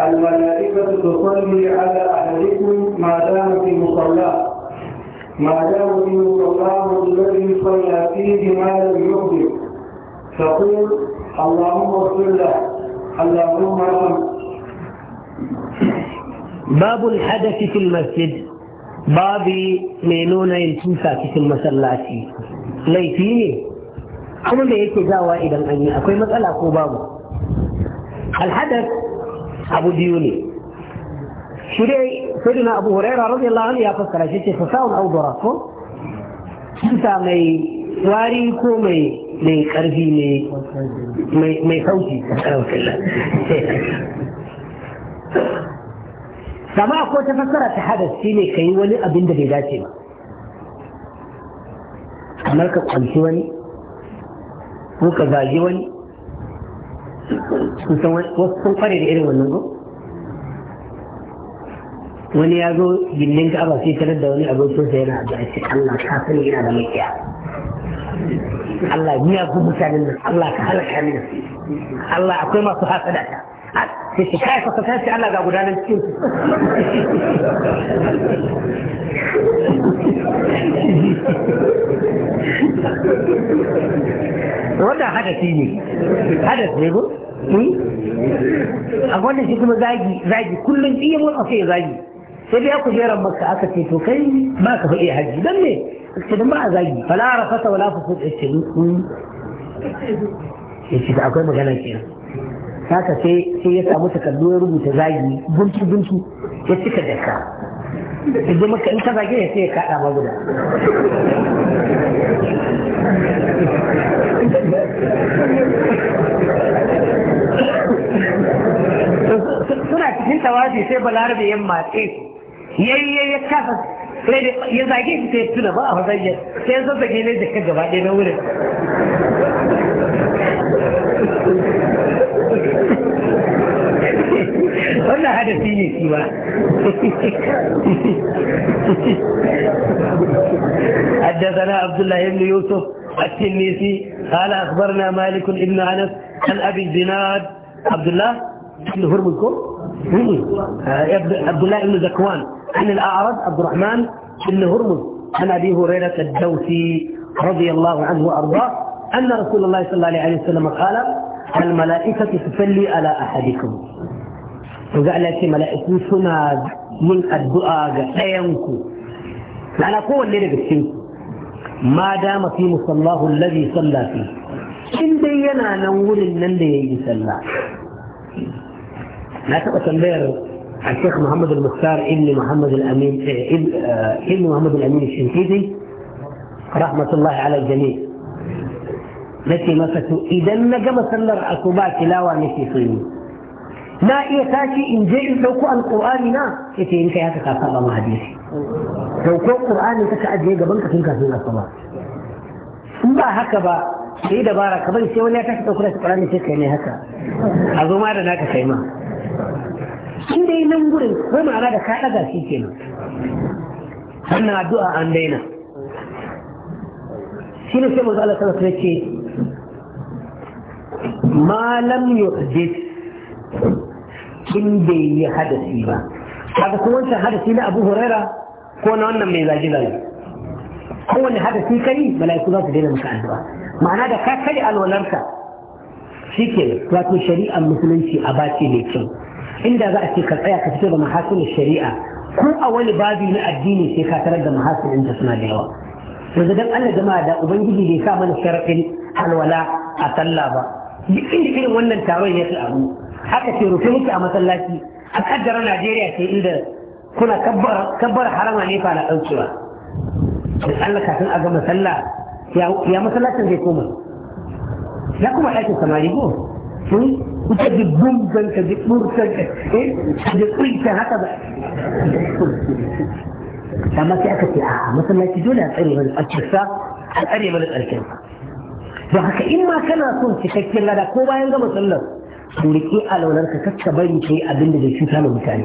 الملائكة تصلي على أحدكم ما دام في مصلاه ما دام في مصلاه الذي صلى فيه ما لم يحدث تقول اللهم اغفر له اللهم ارحمه باب الحدث في المسجد بابي مينونا nuna في المسلاتي ليتيني أنا laifi ne إذا da yake مسألة idan an الحدث abu biyu ne shi dai sai na abu huraira radiyallahu anhu ya fassara shi ce fasa'un audura ko kisa mai wari ko mai mai karfi mai mai sauki sama ko ta fassara ta hadas shi ne ka yi wani abin da bai dace ba kamar ka kwanci wani ko ka zagi wani sun kware da irin wannan ko wani ya zo gindin ka'aba sai tarar da wani abokin sa yana da shi Allah ka sani yana da makiya Allah ya ku mutanen nan Allah ka halaka ni Allah akwai masu hasada ta sai shi kai ka kasance Allah ga gudanar cikin wannan hadasi ne hadasi ne ko a wannan shi kuma zagi zagi kullum iya mun sai zagi sai dai ku jeran maka aka ce to kai ba ka faɗi haji dan ne ce dan ba a zagi fala rafata wala fusuq ce ce akwai magana kenan saka sai sai ya samu takardu ya rubuta zagi buntu buntu ya cika jaka idan maka in ka zage ya sai ya kada ma guda suna cikin tawafi sai balarabe yamma matse yayi ya kafa ya zage shi sai tuna ba a fasayya sai ya zazzage ne da ka gaba ɗaya na wurin ولا هذا ne سوى حدثنا عبد الله بن يوسف التنيسي قال اخبرنا مالك بن انس عن ابي الزناد عبد الله بن هرمزكم عبد الله بن زكوان عن الاعرج عبد الرحمن بن هرمز عن ابي هريره الدوسي رضي الله عنه وارضاه ان رسول الله صلى الله عليه وسلم قال الملائكة تصلي على أحدكم فقال لك ملائكة سنة من الدعاء سينكو لأن أقول لك السنة ما دام في مصلاه الذي صلى فيه إن دينا نقول إن دينا صلى لا تبقى تنبير الشيخ محمد المختار ابن محمد الأمين ابن آه، محمد الأمين الشنكيدي رحمة الله على الجميع ce masa to idan na gama sallar asuba tilawa nake so yi na iya tashi in je in dauko alqur'ani na yace in kai haka ka saba ma hadisi dauko qur'ani ka ajiye gaban ka tun kafin asuba in ba haka ba sai dabara kamar sai wani ya tashi dauko da qur'ani sai kai ne haka a zo ma da naka kai ma in dai nan gurin ko ma'ana da ka daga shi kenan sannan addu'a an daina shi ne sai manzo Allah sallallahu alaihi wasallam ma lam yuhdith in bai yi hadasi ba haka kuma wancan hadasi na Abu Huraira ko na wannan mai zagi zagi kowane hadasi kai mala'iku za su daina maka addu'a ma'ana da ka kai alwalarka shike wato shari'ar musulunci a bace mai kyau inda za a ce ka tsaya ka fito da mahasilin shari'a ko a wani babi na addini sai ka tarar da mahasilin ta suna da yawa yanzu dan Allah jama'a da ubangiji bai sa mana sharafin alwala a sallah ba duk inda irin wannan taron ya abu haka ce rufe muke a masallaci a kaddara najeriya ce inda kuna kabbar harama ne fa na ɗaukewa da allah kafin a gama sallah ya masallacin zai koma ya kuma ɗakin samari ko kuka ji gungan ka ji ɓurkan ka ji ɓurkan haka ba amma sai aka ce a masallaci dole a tsare mana tsarkinsa a tsare mana tsarkinsa don haka in ma kana son cikakken lada ko bayan gama sallar to a alaunar ka kakka bari kai abin da zai cuta ma mutane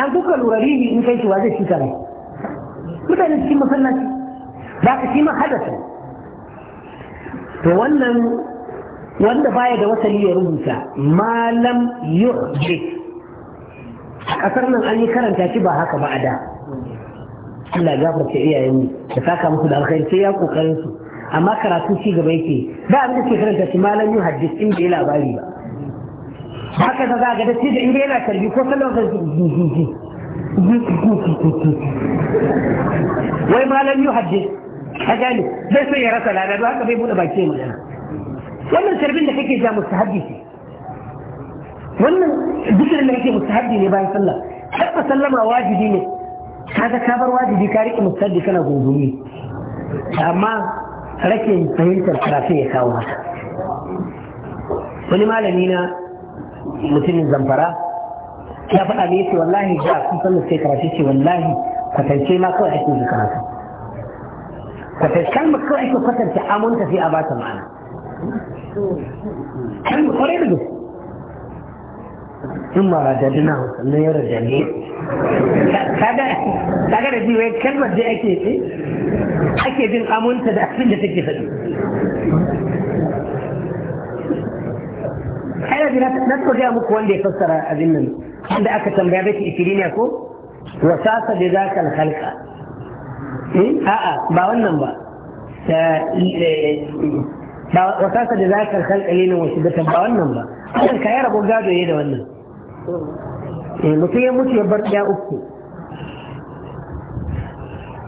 an kuka lura rihi in kai cewa zai cuta ne mutane cikin masallaci ba ka shi ma hadasa to wannan wanda baya da wasali ya rubuta malam yuhjik a kasar nan an yi karanta shi ba haka ba a da Allah ya gafarta iyayen da saka musu da alkhairi sai ya kokarin su amma karatu ci gaba yake da abin da ke karanta shi malam yu hadis in bai labari ba haka da za ga da da inda yana karbi ko sallon ka wai malam yu hadis ka gane zai so ya rasa lada don haka bai bude baki ya magana wannan karbin da kake ja mustahabbi ce wannan dukkan da kake mustahabbi ne bayan sallah tabba sallama wajibi ne kaga kabar wajibi ka rike mustahabbi kana gungumi amma rakin fahimtar karatu ya kawo haka wani malami na mutumin zamfara ya faɗa ne yace wallahi da kun san sai karatu ce wallahi kwatance ma kawai ake su karatu kwatance kalmar kawai ake kwatance amunta sai a ba ta ma'ana kalmar kwarai da gaske in ma rajadina sannan ya rajadina kaga kaga da jiwai kalmar da ake ake jin amunta da abin da take faɗi ai da na so ga muku wanda ya fassara abin nan wanda aka tambaya da ke ikirina ko wa sasa da zaka halka eh, a'a ba wannan ba eh, ba kasa da zakar kalkale ne wasu ba wannan ba hakan ya rabo gado ya da wannan mutum ya mutu ya bar ɗaya uku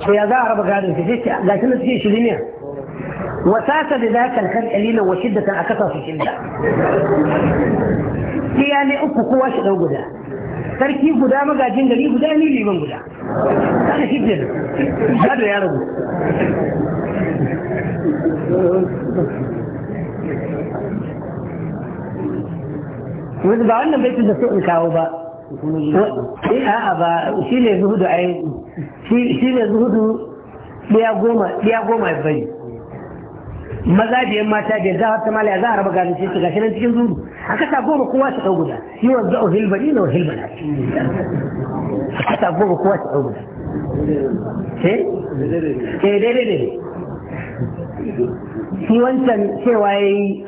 to ya za a raba gadon ta sai ga shi na cikin shirimiya wasasa da zaka kan kalila wa shiddatan a kasa su shidda iya ne uku kowa shi ɗau guda sarki guda magajin gari guda ni liman guda kada shi jin gado ya rabu wanda ba wannan baitin da so in kawo ba Eh, eh, a'a ba shi ne zuhudu ai shi ne zuhudu ɗaya goma goma ya bari maza da yan mata da za a ta malaya za a raba gani sai ga shi nan cikin zuhudu a kasa goma kowa ta ɗauguda yi wa hilba hilbari na wa hilbari a kasa goma kowa ta ɗau dai dai eh? daidai dai. shi wancan cewa ya yi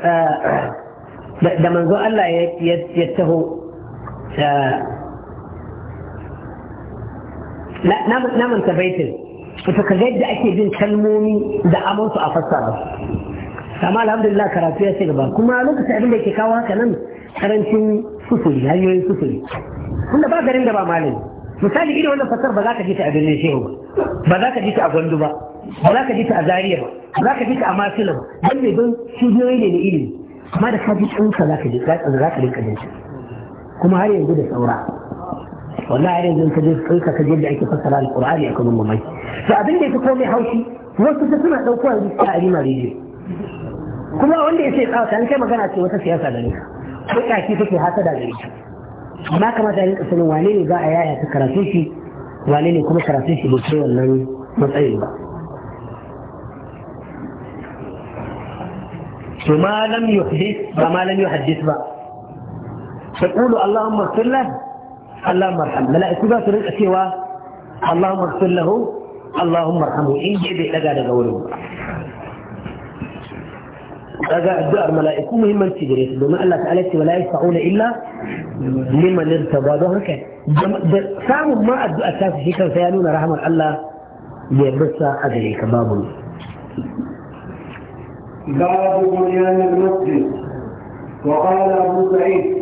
da manzo Allah ya taho na manta baitin ita ka yadda ake jin kalmomi da amansu a fassara amma alhamdulillah karatu ya ce gaba kuma lokacin abin da ke kawo haka nan karancin sufuri hanyoyin sufuri tunda ba garin da ba malami misali irin wannan fasar ba za ka ji ta a birnin shehu ba ba za ka ji ta a gwandu ba ba za ka ji ta a zariya ba ba za ka ji ta a masila ba don mai don shugiyoyi ne na ilimi amma da ka ji tsanka za ka ji za ka rinka jin kuma har yanzu da saura wallahi har yanzu ka je ka ka da ake fassara alqur'ani akwai mun mamaki to abin da yake komai haushi wasu ta suna dauko yanzu ta arima rediyo kuma wanda ya ce tsawata an kai magana ce wata siyasa gare ka ko kaki take hasada gare ka amma kamata ya sanin wane ne za a yaya ta karatun shi wane ne kuma karatun shi bai kai wannan matsayin ba to ma lam yuhdith ba ma lam yuhaddith ba فتقولوا اللهم اغفر له اللهم ارحمه لا اكتبها في رزق سوى اللهم اغفر له اللهم ارحمه ان جيبه لقى لقوله لقى الدار ملائكو مهما تجري بما الله تعالى ولا يسعون الا لمن ارتضى ظهرك سامو ما الدعاء أساس هيك سيالون رحمه الله يبسى اجريك باب باب بنيان المسجد وقال ابو سعيد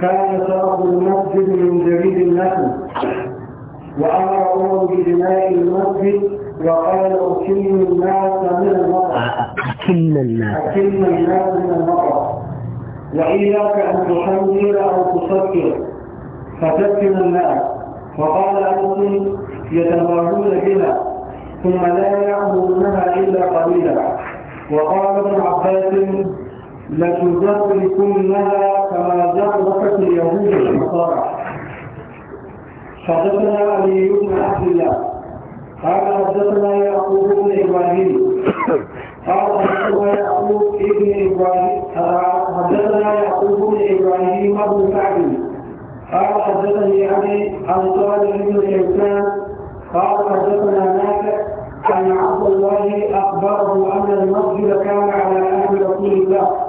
كان سرق المسجد من جديد النحو وامر عمر بدماء المسجد وقال اكل الناس من المرأة اكل الناس اكل الناس من المرأة واياك ان تحمل او تسكر فتسكن الناس وقال انس يتمرون بها ثم لا يعمرونها الا قليلا وقال ابن عباس لتزركنها كما زركت اليهود والنصارى حدثنا علي بن عبد الله قال حدثنا يعقوب بن ابراهيم قال حدثنا يعقوب بن ابراهيم حدثنا يعقوب بن ابراهيم ابو سعد قال حدثني ابي عن طالب بن انسان قال حدثنا نافع عن عبد الله اخبره ان المسجد كان على اهل رسول الله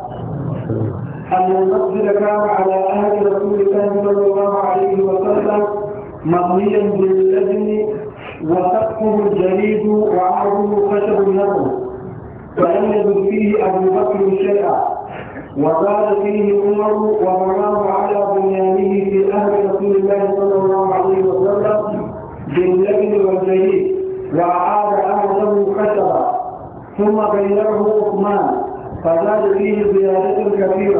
أن المسجد كان على أهل رسول الله صلى الله عليه وسلم مغنيا باللجن وسقفه الجليد وعرضه خشب له فلم يزد فيه أبو بكر شيئا وزاد فيه عمر ومراه على بنيانه في أهل رسول الله صلى الله عليه وسلم باللجن والجليد وأعاد أهله خشبا ثم بينه عثمان فزاد فيه زيادة كثيرة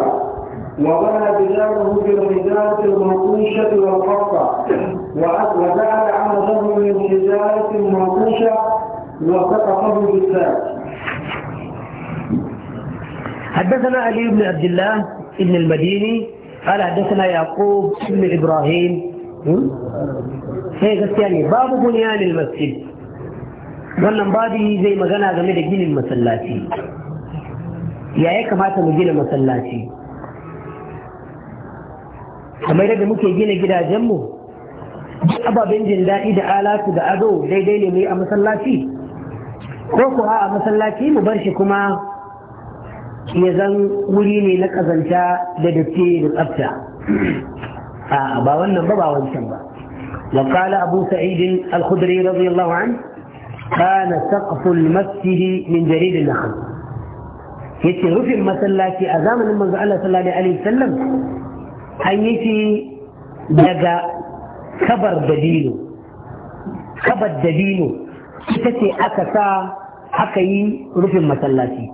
وبنى بلاده بالحجارة المنقوشة والقطة وجعل عمده من حجارة منقوشة وسقطه بالذات حدثنا علي بن عبد الله بن المديني قال حدثنا يعقوب بن ابراهيم هيك يعني باب بنيان المسجد wannan babi zai magana game da ginin masallaci ya ya kamata mu gina masallaci kamar yadda muke gina gidajenmu ababen jin daɗi da alatu da ado daidai ne mu a masallaci ko kuwa a masallaci mu bar shi kuma ya zan wuri ne na kazanta da datti da tsafta a ba wannan ba ba wancan ba وقال أبو سعيد الخدري رضي الله عنه كان سقف المسجد من جريد النخل يتي رفع مسلاتي أزامن من الله صلى الله عليه وسلم an yi shi daga kabar dabino, kabar dabino ita ce aka sa aka yi rufin masallaci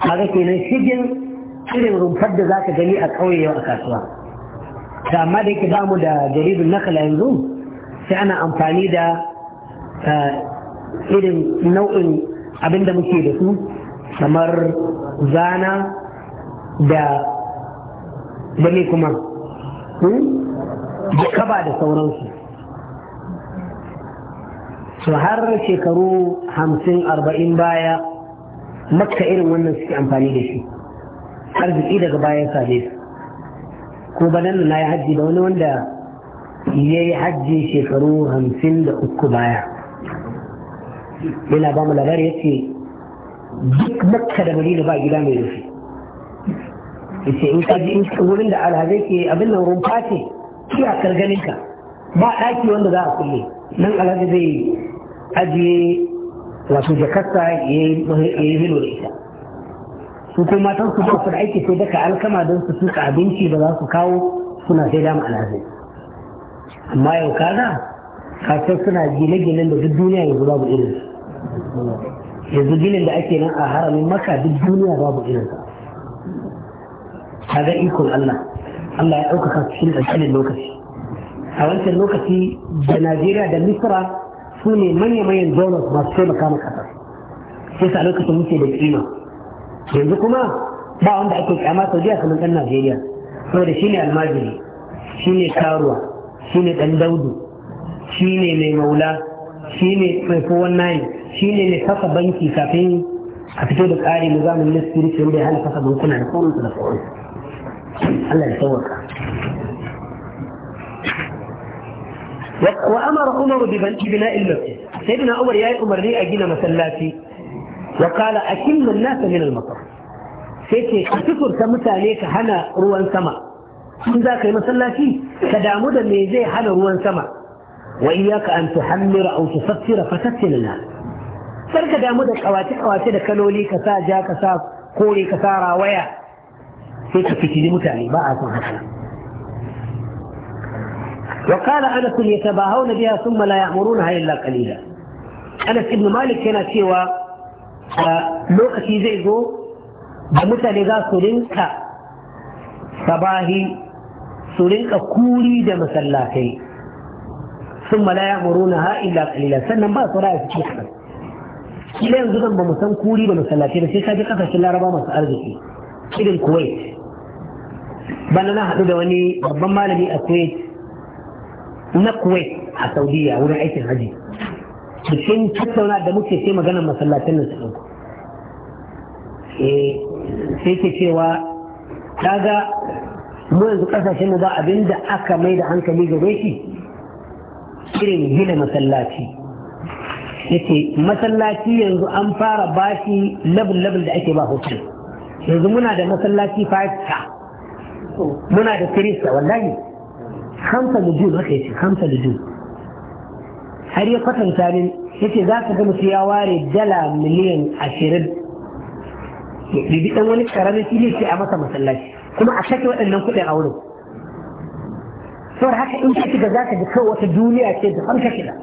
kaga kenan shigin irin rumfar da za ka gani a ƙauye yau a kasuwa da amma da yake bamu da jaridun nakala yanzu sai ana amfani da eh, irin nau'in abin da muke da su kamar zana da balle kuma hmm? da kaba da sauransu To har shekaru hamsin arba'in baya makka irin wannan suke amfani da shi arziki daga bayan same su ko banan na ya hajji da wani wanda ya yi hajji shekaru hamsin da uku baya yana ba mu labari ya ce duk makka da madina ba gida mai rufi yace in kaji ji in wurin da alhazai ke abin nan rumfa ce iyakar ganin ka ba ɗaki wanda za a kulle nan alhaji zai ajiye wato jakarta ya yi hilo da ita su kuma matan su ba su da aiki sai daga alkama don su suka abinci da za su kawo suna sai dama alhazai amma yau kaga kasar suna gine-ginen da duk duniya yanzu babu irin yanzu ginin da ake nan a haramin maka duk duniya babu irinsa kaga ikon Allah Allah ya ɗaukaka cikin ƙanƙanin lokaci a wancan lokaci da Najeriya da Misra su ne manya-manyan donors masu taimaka ma ƙasar sai sa lokacin muke da kima yanzu kuma ba wanda ake kyama Saudiya kamar ɗan Najeriya saboda shi ne almajiri shi ne karuwa shi ne ɗan daudu shi ne mai maula shi ne mai 419 shi ne mai kafa banki kafin a fito da ƙari na zamanin na security wanda ya hana kasa bankuna da sauransu da sauransu الله يتوقع وامر عمر ببناء المسجد سيدنا عمر يا عمر لي اجينا مسلاتي وقال اكل الناس من المطر سيتي اتكر كمثاليك هنا روى سما من ذاك المسلاتي لي زي هنا روان سما وإياك أن تحمر أو تفسر فتسل لها فلك دامود الكواتي كواتي كنولي كسا جا كسا كوري كسا راويا sai ka fitini mutane ba a son haka ana وقال انس يتباهون بها ثم لا يامرونها الا قليلا انس ابن Malik yana cewa lokaci zai zo da mutane za su rinka sabahi su rinka kuri da masallatai sun mala ya muruna ha illa kalila sannan ba su ra'ayi cikin kaɗan kila yanzu zan ba mu san kuri da masallatai da sai ka ji kasashen laraba masu arziki irin kuwait bana na haɗu da wani babban malami a kuwait na kuwait a saudiya wurin aikin haji cikin tattauna da muke sai maganar masallacin nan su eh, sai ke cewa ta ga mu yanzu kasashen mu ba abin da aka mai da hankali gare shi irin gina masallaci yake masallaci yanzu an fara bashi labin labin da ake ba hotel yanzu muna da masallaci 5 star muna da kirista wallahi hamsa da jun haka yace hamsa da jun har ya kwatanta min yace za ka ga mutum ya ware dala miliyan ashirin ya ɗibi wani ƙaramin fili sai a masa masallaci kuma a sake waɗannan kuɗin a wurin saboda haka in ka shiga za ka ji kawai wata duniya ce da an ka shiga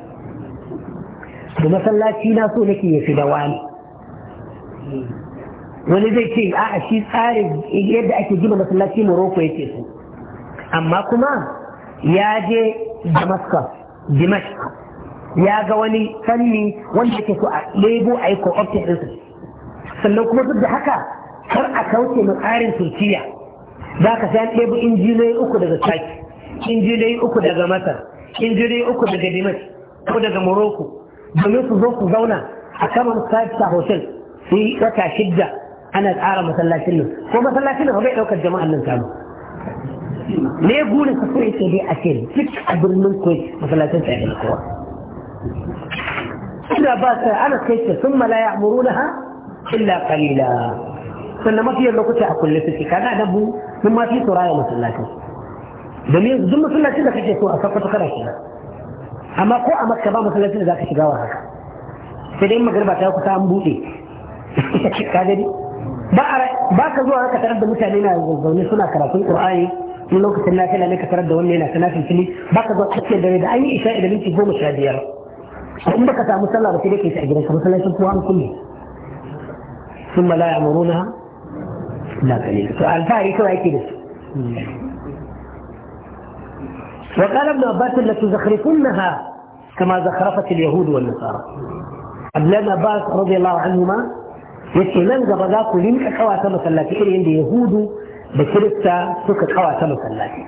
da masallaci na so nake ya fi da wani wani zai ce a'a shi tsarin yadda ake gina masallaci Morocco yake so amma kuma ya je Damascus Dimashq ya ga wani fanni wanda yake so a lebo a yi co-opting ɗinsu sannan kuma duk da haka kar a kauce mu tsarin Turkiya za ka sai an injiniyoyi uku daga Turkey injiniyoyi uku daga Masar injiniyoyi uku daga Dimashq ko daga Morocco domin su zo su zauna a kama musa hotel su yi wata shidda ana tsara masallacin nan ko masallacin nan bai ɗaukar jama'an nan kamu ne gurin ka kawai ce dai a ce duk a birnin kuwait masallacin ta yi kowa ina ba ta ana kai ce sun malaya ha illa qalila sannan mafi yadda kuce a kulle suke kana da bu mun mafi fi tsoraya masallacin domin yanzu duk masallacin da kake so a sakwato kana shiga amma ko a makka ba masallacin da za ka shiga wa haka sai dai magariba ta kusa an buɗe ka gani ba ka zuwa ka tarar da mutane na zazzaune suna karatun qur'ani in lokacin lafiya ne ka tarar da wannan yana tanafin fili ba ka zuwa tsakiyar dare da an yi isha'i da minti goma sha biyar in baka samu sallah ba sai dai ka yi ta a gidanka masallacin kowa an kulle ثم لا يأمرونها لا قليلا الفاري كما يكيد وقال ابن عباس لتزخرفنها كما زخرفت اليهود والنصارى عبد الله عباس رضي الله عنهما yace nan gaba za ku rinka kawata masallaci irin da yahudu da kirista suka kawata masallaci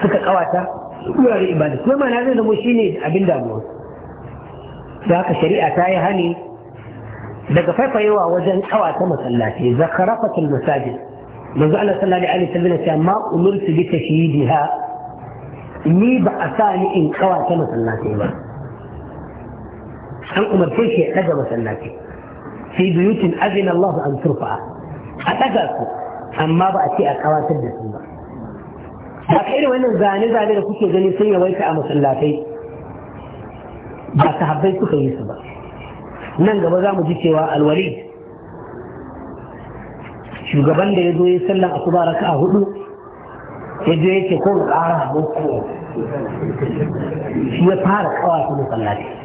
suka kawata wurare ibada kuma mana zai zama ne abin damuwa da haka shari'a ta yi hani daga faifayewa wajen kawata masallaci zakarafatul masajid manzo Allah sallallahu alaihi wasallam ya ce ma umurtu bi tashyidiha ni ba a sa ni in kawata masallaci ba an umarce shi ya daga masallaci fi buyutin azina Allah an turfa a daga su amma ba a ce a kawatar da su ba haka irin wannan zane zane da kuke gani sun yawaita a masallatai ba sahabbai suka yi su ba nan gaba za mu ji cewa alwali shugaban da ya zo ya sallar asuba raka a hudu ya je ya ce ko ƙara boko shi ya fara kawata masallatai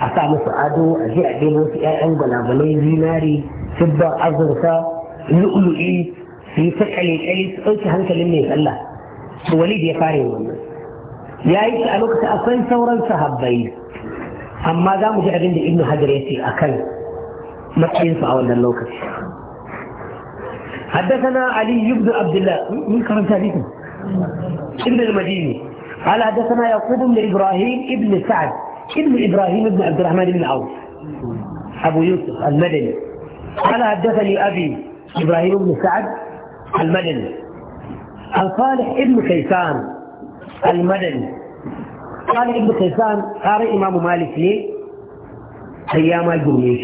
a sa musu ado a je a ɗebo su ƴaƴan gwalagwalai zinari sibban azurfa lu'lu'i su yi ta ƙalƙali su ɗauki hankalin mai sallah su walid ya fara yin wannan ya yi a lokacin akwai sauran sahabbai amma za mu ji abin da ibnu hajar ya ce a kan matsayinsu a wannan lokaci حدثنا علي بن عبد الله من كرم حديثه ابن المديني قال حدثنا يعقوب بن ابراهيم ابن سعد ابن إبراهيم بن عبد الرحمن بن عوف أبو يوسف المدني قال حدثني أبي إبراهيم بن سعد المدني عن صالح ابن كيسان المدني قال ابن كيسان قال إمام مالك لي أيام الجميش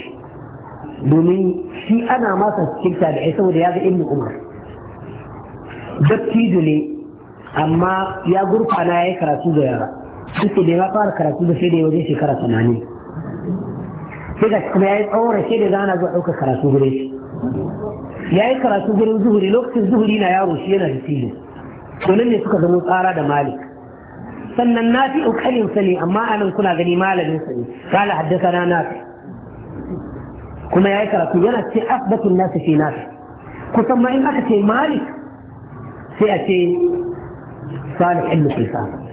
دومي في انا ما تسكت بعيسى saboda ابن عمر جبتي دولي اما يا غرفه انا يكره ya suke da ya fara karatu da sai da wajen shekara tamanin sai ga kuma ya yi tsawon sai da zana zuwa ɗaukar karatu gure shi ya yi karatu gurin zuhuri lokacin zuhuri na yaro shi yana da filin to nan ne suka zama tsara da malik sannan na fi ukalin sa ne amma anan kuna gani malamin sa ne kala haddasa na nafi kuma ya yi karatu yana ce asbatun nasu fi nafi kusan ma in aka ce malik sai a ce salih ibn sulfan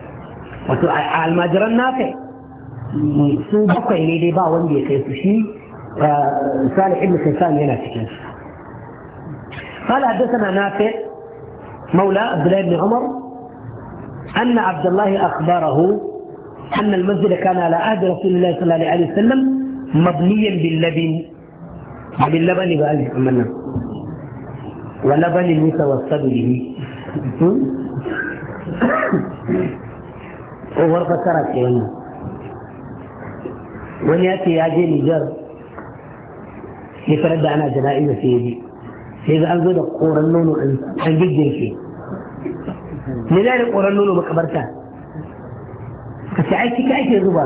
wato almajiran nafi su bakwai ne dai ba wanda ya kai su shi eh, salih ibn kaisan yana cikin su قال حدثنا نافع مولى عبد الله بن عمر أن عبد الله أخبره أن المسجد كان على عهد رسول الله صلى الله عليه وسلم مبنيا باللبن باللبن بألف أمنا ولبن المتوسط به tsohuwar fasara wani ya ce ya je nijar ya tarar da ana jana'iza sai sai ga an zo da koran nono an gijjin shi ne da koran nono makabarta ka ce aiki ka ake zuba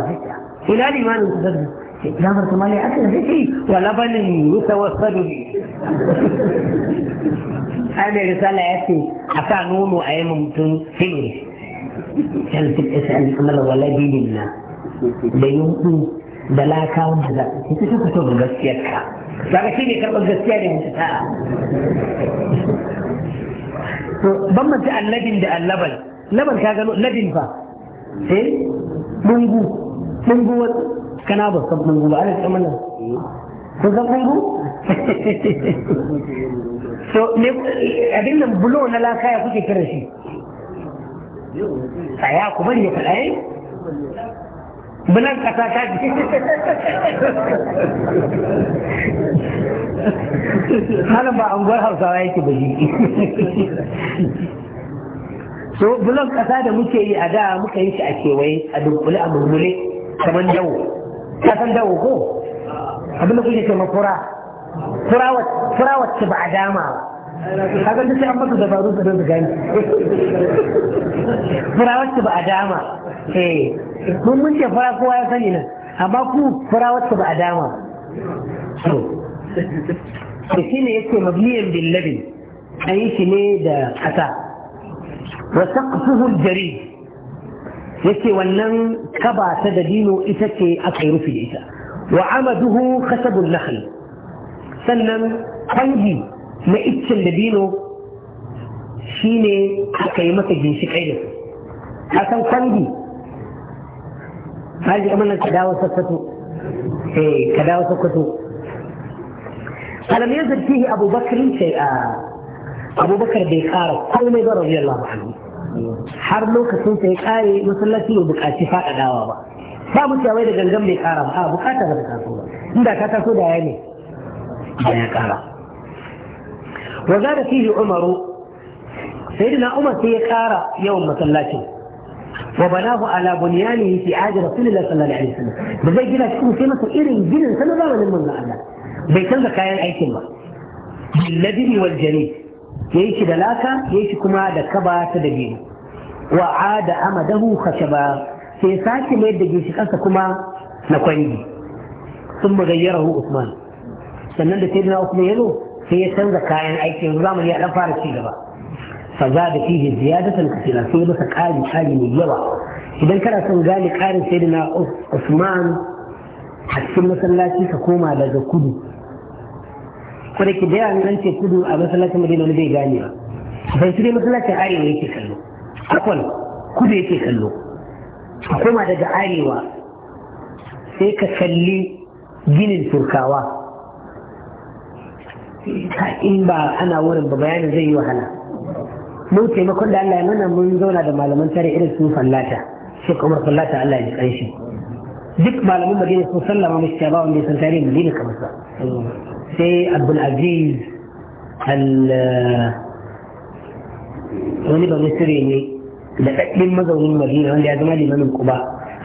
ina limanin ku ya barka mali aka da shi wa labanin yusa wasadu ai mai risala ya ce a sa nono a yi mutum sirri shalfin isa'in amala wala dininna da yunku da laka wanda za ta fito fito ga gaskiyarka saka shi ne karɓar gaskiya ne mutu ta. ban manta annabin da allaban laban ka gano labin fa eh bungu bungu wani kana ba san bungu ba ana tsammanin kun san bungu so abin nan bulo na laka ya kuke kira shi saya ku bari ya faɗa yayi eh? bulan ƙasa ta ji halin ba anguwar hausawa yake ba ji so bulan ƙasa da muke yi a da muka yi shi a kewaye a dunkule a murmure kamar dawo kasan san dawo ko abin da kuke ce ma fura fura wacce ba a dama ba kaga da sai an masa dabaru da zai gani firawacce ba a dama eh mun mun ce fara kowa ya sani nan amma ku firawacce ba a dama to shi ne yake mabliyan billabi an yi shi ne da ƙasa wasu ƙasuhun jari yake wannan kaba ta da dino ita ce aka yi rufe ita wa amaduhu kasabun nahal sannan kangi na iccen dino shi ne aka yi masa kai da su a san ba hali amalan ka dawo sakkwato eh ka dawo sakkwato alam ya zartihi abubakar a abubakar bai kara komai ba radiyallahu anhu har lokacin sai kare masallaci mai bukaci faɗaɗawa ba ba mu cewa da gangan bai kara ba a bukata ba ta taso ba inda ka taso da ya ne ba ya kara وزاد فيه عمر سيدنا عمر سيقار يوم مسلاته وبناه على بنيانه في عهد رسول الله صلى الله عليه وسلم بزي جينا تكون سيما إيرين جينا سنة ما من المنع الله بيتن زكايا أي سنة باللبن والجليد يعيش دلاكا يعيش كما دكبا تدبين وعاد أمده خشبا سيساكي ما يدجي شخص كما نقوي ثم غيره عثمان سنن سيدنا عثمان يلو sai ya canza kayan aikin zamani ya fara ci gaba fa za da fihi ziyadatan kasira sai ya masa ƙari ƙari mai yawa idan kana son gane ƙarin sayyidina Usman a cikin masallaci ka koma daga kudu ko da ke da yawa an ce kudu a masallacin Madina wani bai gane ba bai su dai masallacin arewa yake kallo akwai kudu yake kallo ka koma daga arewa sai ka kalli ginin turkawa in ba ana wurin ba bayanin zai yi wahala mu taimakon da Allah ya mana mun zauna da malaman tare irin su fallata shi kuma fallata Allah ya ji shi duk malamin madina sun sallama mu shi bawon bai san tare madina kamar sa sai abdul aziz al wani ba misiri ne da dadin mazaunin madina wanda ya zama limamin kuba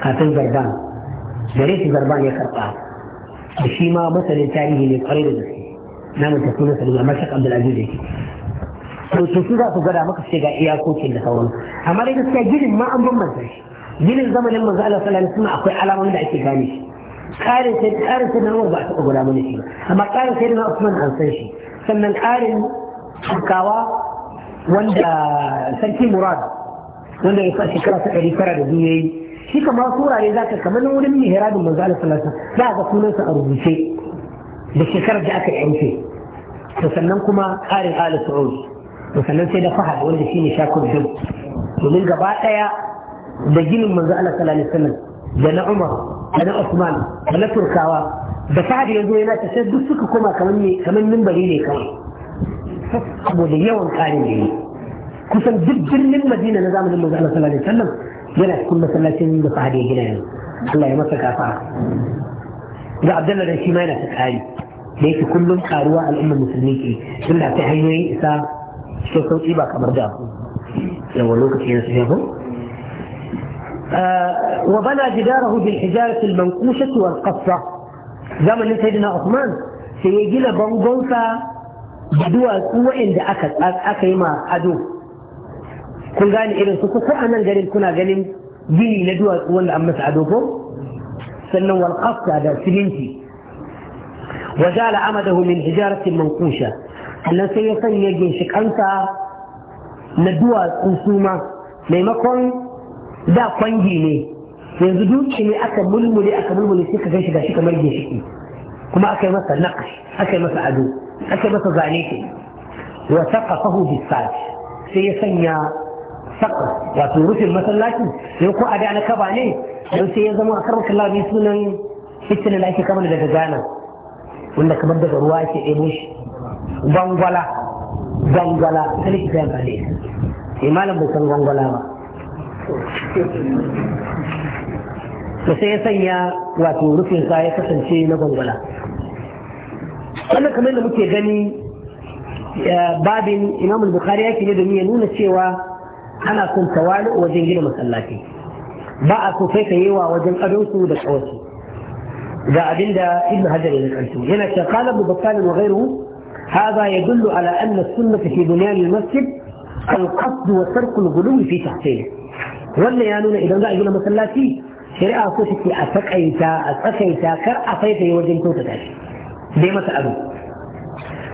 kafin zarban gare shi zarban ya karba shi ma masanin tarihi ne kwarai da gaske na mun tafi masa da Mashak da yake to to su za su gwada maka shiga ga iyakokin da sauran amma dai gaskiya ginin ma an bambanta shi ginin zamanin manzo Allah sallallahu alaihi wasallam akwai alamomin da ake gane shi karin sai karin sai na ba a gura mana shi amma karin sai na Usman an san shi sannan karin Turkawa wanda sarki Murad wanda ya fashi shekara ta ɗari tara da duniyayi shi kamar surare zaka kamar wurin mihrabin manzo Allah sallallahu alaihi wasallam za ka sunansa a rubuce da shekarar da aka yanke to sannan kuma ƙarin ali sa'ud to sannan sai da fahad wanda shine shakur dub domin gaba ɗaya da ginin manzo Allah sallallahu alaihi wasallam da na Umar da na Usman da na Turkawa da fahad yanzu yana ta sai duk suka koma kamar ne kamar mimbari ne kawai saboda yawan ƙarin ne. kusan duk birnin Madina na zamanin manzo Allah sallallahu alaihi wasallam yana cikin masallacin da fahad ya gina yanzu Allah ya masa kafa ga Abdullahi da shi ma yana ta ƙari da yake kullum karuwa al'ummar musulmi ke tun da ta hanyoyin isa cikin sauƙi ba kamar da yawan lokaci na su yahu uh, wa bana jidarahu bil hijarati al manqushati wal qassa zamanin sayyidina Uthman sai ya gina bangonsa da duwatsu waɗanda aka aka yi ma ado kun gane irin su ko a nan garin kuna ganin gini na duwatsu wanda an masa ado ko sannan wal qassa da siminti wa ja'ala amadahu min hijaratin manqusha Allah sai ya sanya ginshikansa na duwatsu suma maimakon da kwangi ne yanzu duki ne aka mulmule aka mulmule sai ka gan gashi kamar ginshiki kuma aka yi masa naqash aka yi masa ado aka yi masa sai ya sanya wato rufin masallaci yau ko a da na kaba ne don sai ya zama a karbar kallabi sunan itin da ake kamar daga Ghana wanda kamar daga ruwa ake ɗebo shi gwangwala gwangwala kada ki ta amfani da ita imanin bai san gwangwala ba da sai ya sanya wato rufin sa ya kasance na gwangwala wannan kamar da muke gani babin imam bukhari yake ne domin ya nuna cewa ana son tawali wajen gina masallaci ba a so ka yi wa wajen adonsu da kawasu ذا عبد ابن حجر الكلثوم هنا قال ابن بطال وغيره هذا يدل على أن السنة في بنيان المسجد القصد وترك الغلو في تحصيله ولا ya اذا idan يقول مثلا في شريعة صوتك so take كر takaita a tsakaita kar a faitaye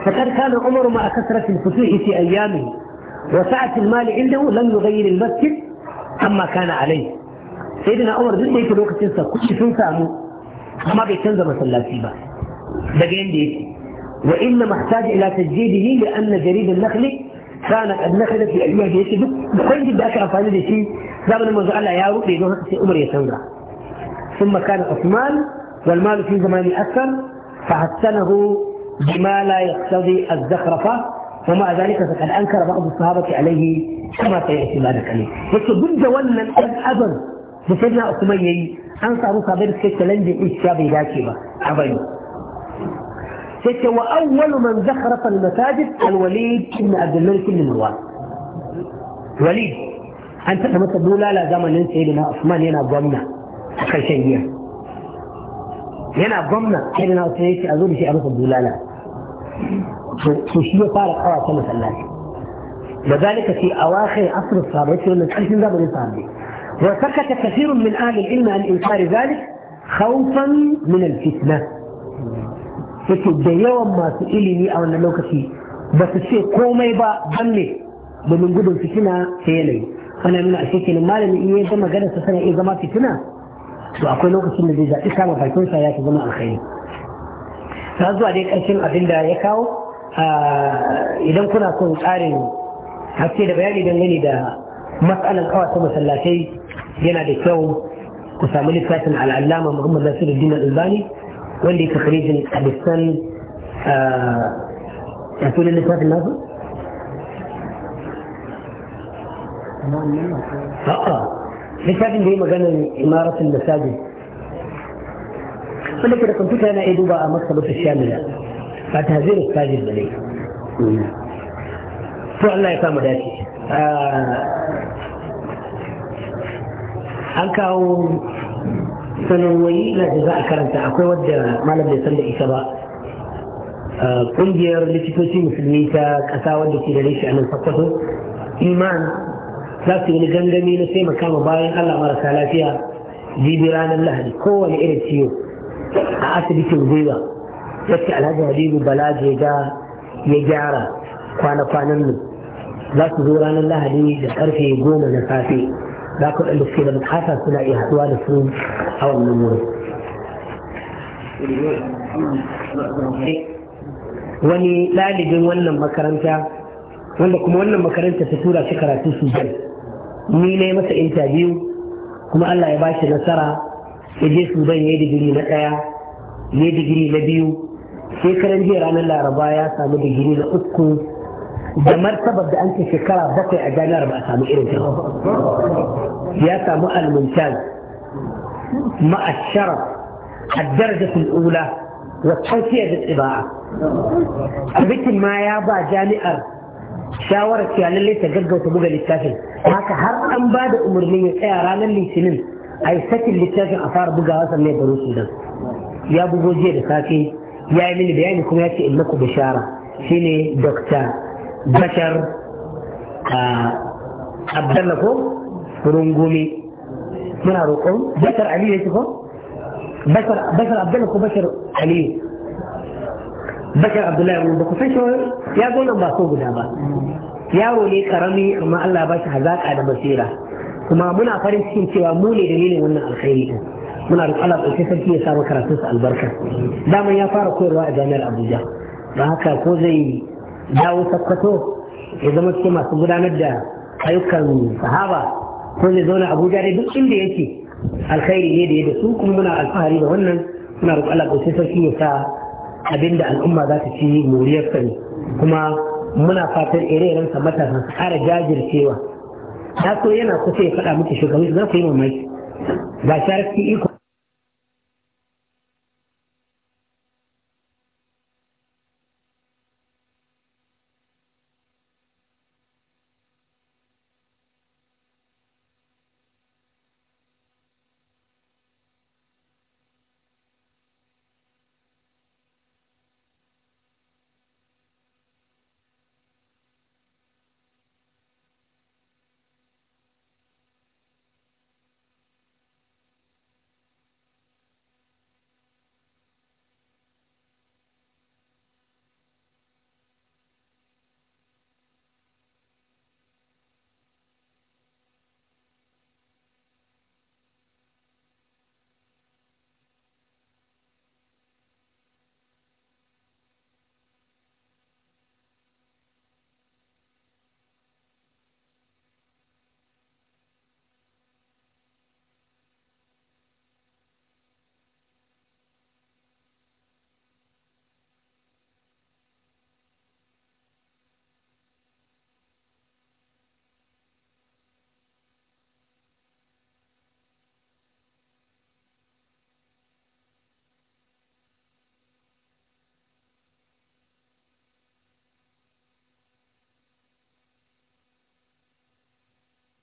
فقد كان عمر مع كثرة الفتوح في أيامه وسعة المال عنده لم يغير المسجد عما كان عليه سيدنا عمر duk da yake lokacin sa kuɗi ما بيتنزل مسلاتي بقى دقين دي وإن محتاج إلى تجديده لأن جريد النخل كانت النخلة في أيها جيسي بخير جدا أكرا فهذا دي شيء دابا لما زعل العيارو ليدون في أمر يتنزل ثم كان عثمان والمال في زمان أكثر فحسنه بما لا يقتضي الزخرفة ومع ذلك فقد أنكر بعض الصحابة عليه كما سيأتي بعد كلمة بس بد ولا أبدا da sai na usman yayi an samu sabai da suke challenge isha bai dace ba a bari sai wa awwalu man zakhara fal masajid al walid ibn abd al-malik ibn marwan walid an tada masa bulala zamanin sayyidina usman yana gwamna a karshen giya yana gwamna sayyidina usman yace a zo da shi a masa bulala to shi ya fara kawa ta masallaci da zalika fi awakhir asr sahabati wannan karshen zamanin sahabbai وسكت كثير من اهل العلم عن انكار ذلك خوفا من الفتنه yake da yawan masu ilimi a wannan lokaci ba su ce komai ba don ne domin gudun fitina ta yanayi wannan nuna a shekelin in ya ga magana sa sana iya zama fitina to akwai lokacin da zai zaɓi kama bakinsa ya fi zama alkhairi ta zuwa dai ƙarshen abin da ya kawo idan kuna son tsarin haske da bayani dangane da matsalan kawata masallatai yana da kyau ku sami littafin al'allama muhammad nasiruddin albani wanda ya takarijin hadisan a sunan littafin nasu a'a littafin da ya maganar imaratul masajid wanda ke da kwamfuta yana iya duba a maktabar shamila ba ta zai masajid ba ne to Allah ya kama dace an kawo sanarwayi na da za a karanta akwai wadda malam bai san da ita ba kungiyar likitoci musulmi ta kasa wadda ke da reshe a nan sakwato iman za su wani gangami na taimaka ma bayan allah marasa lafiya jibi ranar lahadi kowane irin ciwo a asibitin gwiwa yadda alhaji habibu balaje ga ya gyara kwana-kwanan nan za su zo ranar lahadi da karfe goma na safe da ku ɗan da da bukata suna iya haɗuwa da su a wannan wurin wani ɗalibin wannan makaranta wanda kuma wannan makaranta ta tura shi karatu su bai ni yi masa intabiyu kuma Allah ya bashi nasara ya je su bai ya digiri na ɗaya ya digiri na biyu sai karan jiya ranar laraba ya samu digiri na uku da martabar da an ce shekara bakwai a jami'ar ba a samu irin ta ya samu al-mumtaz ma'a sharaf الدرجة الأولى والتوسيع بالطباعة أبيتن ما يابا جامعة shawarar cewa lallai ta gaggauta buga littafin haka har an ba da umarnin ya tsaya ranar litinin a yi sakin littafin a fara bugawa sannan ya baro sudan ya bugo jiya da safe ya yi mini bayani kuma ya ce in maku bishara shine dokta bashar abdalla ko rungumi muna roƙon bashar aliyu ya ko bashar abdalla ko bashar aliyu bashar abdullahi ba ku san shi ya zo nan ba so guda ba yaro ne karami amma Allah ba shi hazaƙa da basira kuma muna farin cikin cewa mu ne dalilin wannan alkhairi din muna da Allah ɗauke sarki ya samu karatun sa albarka daman ya fara koyarwa a jami'ar Abuja ba haka ko zai dawo sakkwato ya zama cikin masu gudanar da ayyukan sahaba ko zai zauna abuja dai duk inda yake alkhairi ne da ya da su kuma muna alfahari da wannan muna roƙon Allah ko sarki ya sa abinda al'umma za ta ci muriyar sani kuma muna fatan ire-iren sa matasa su ƙara jajircewa ya so yana kusa ya faɗa miki shugabanci za ku yi mamaki ba sharafi iko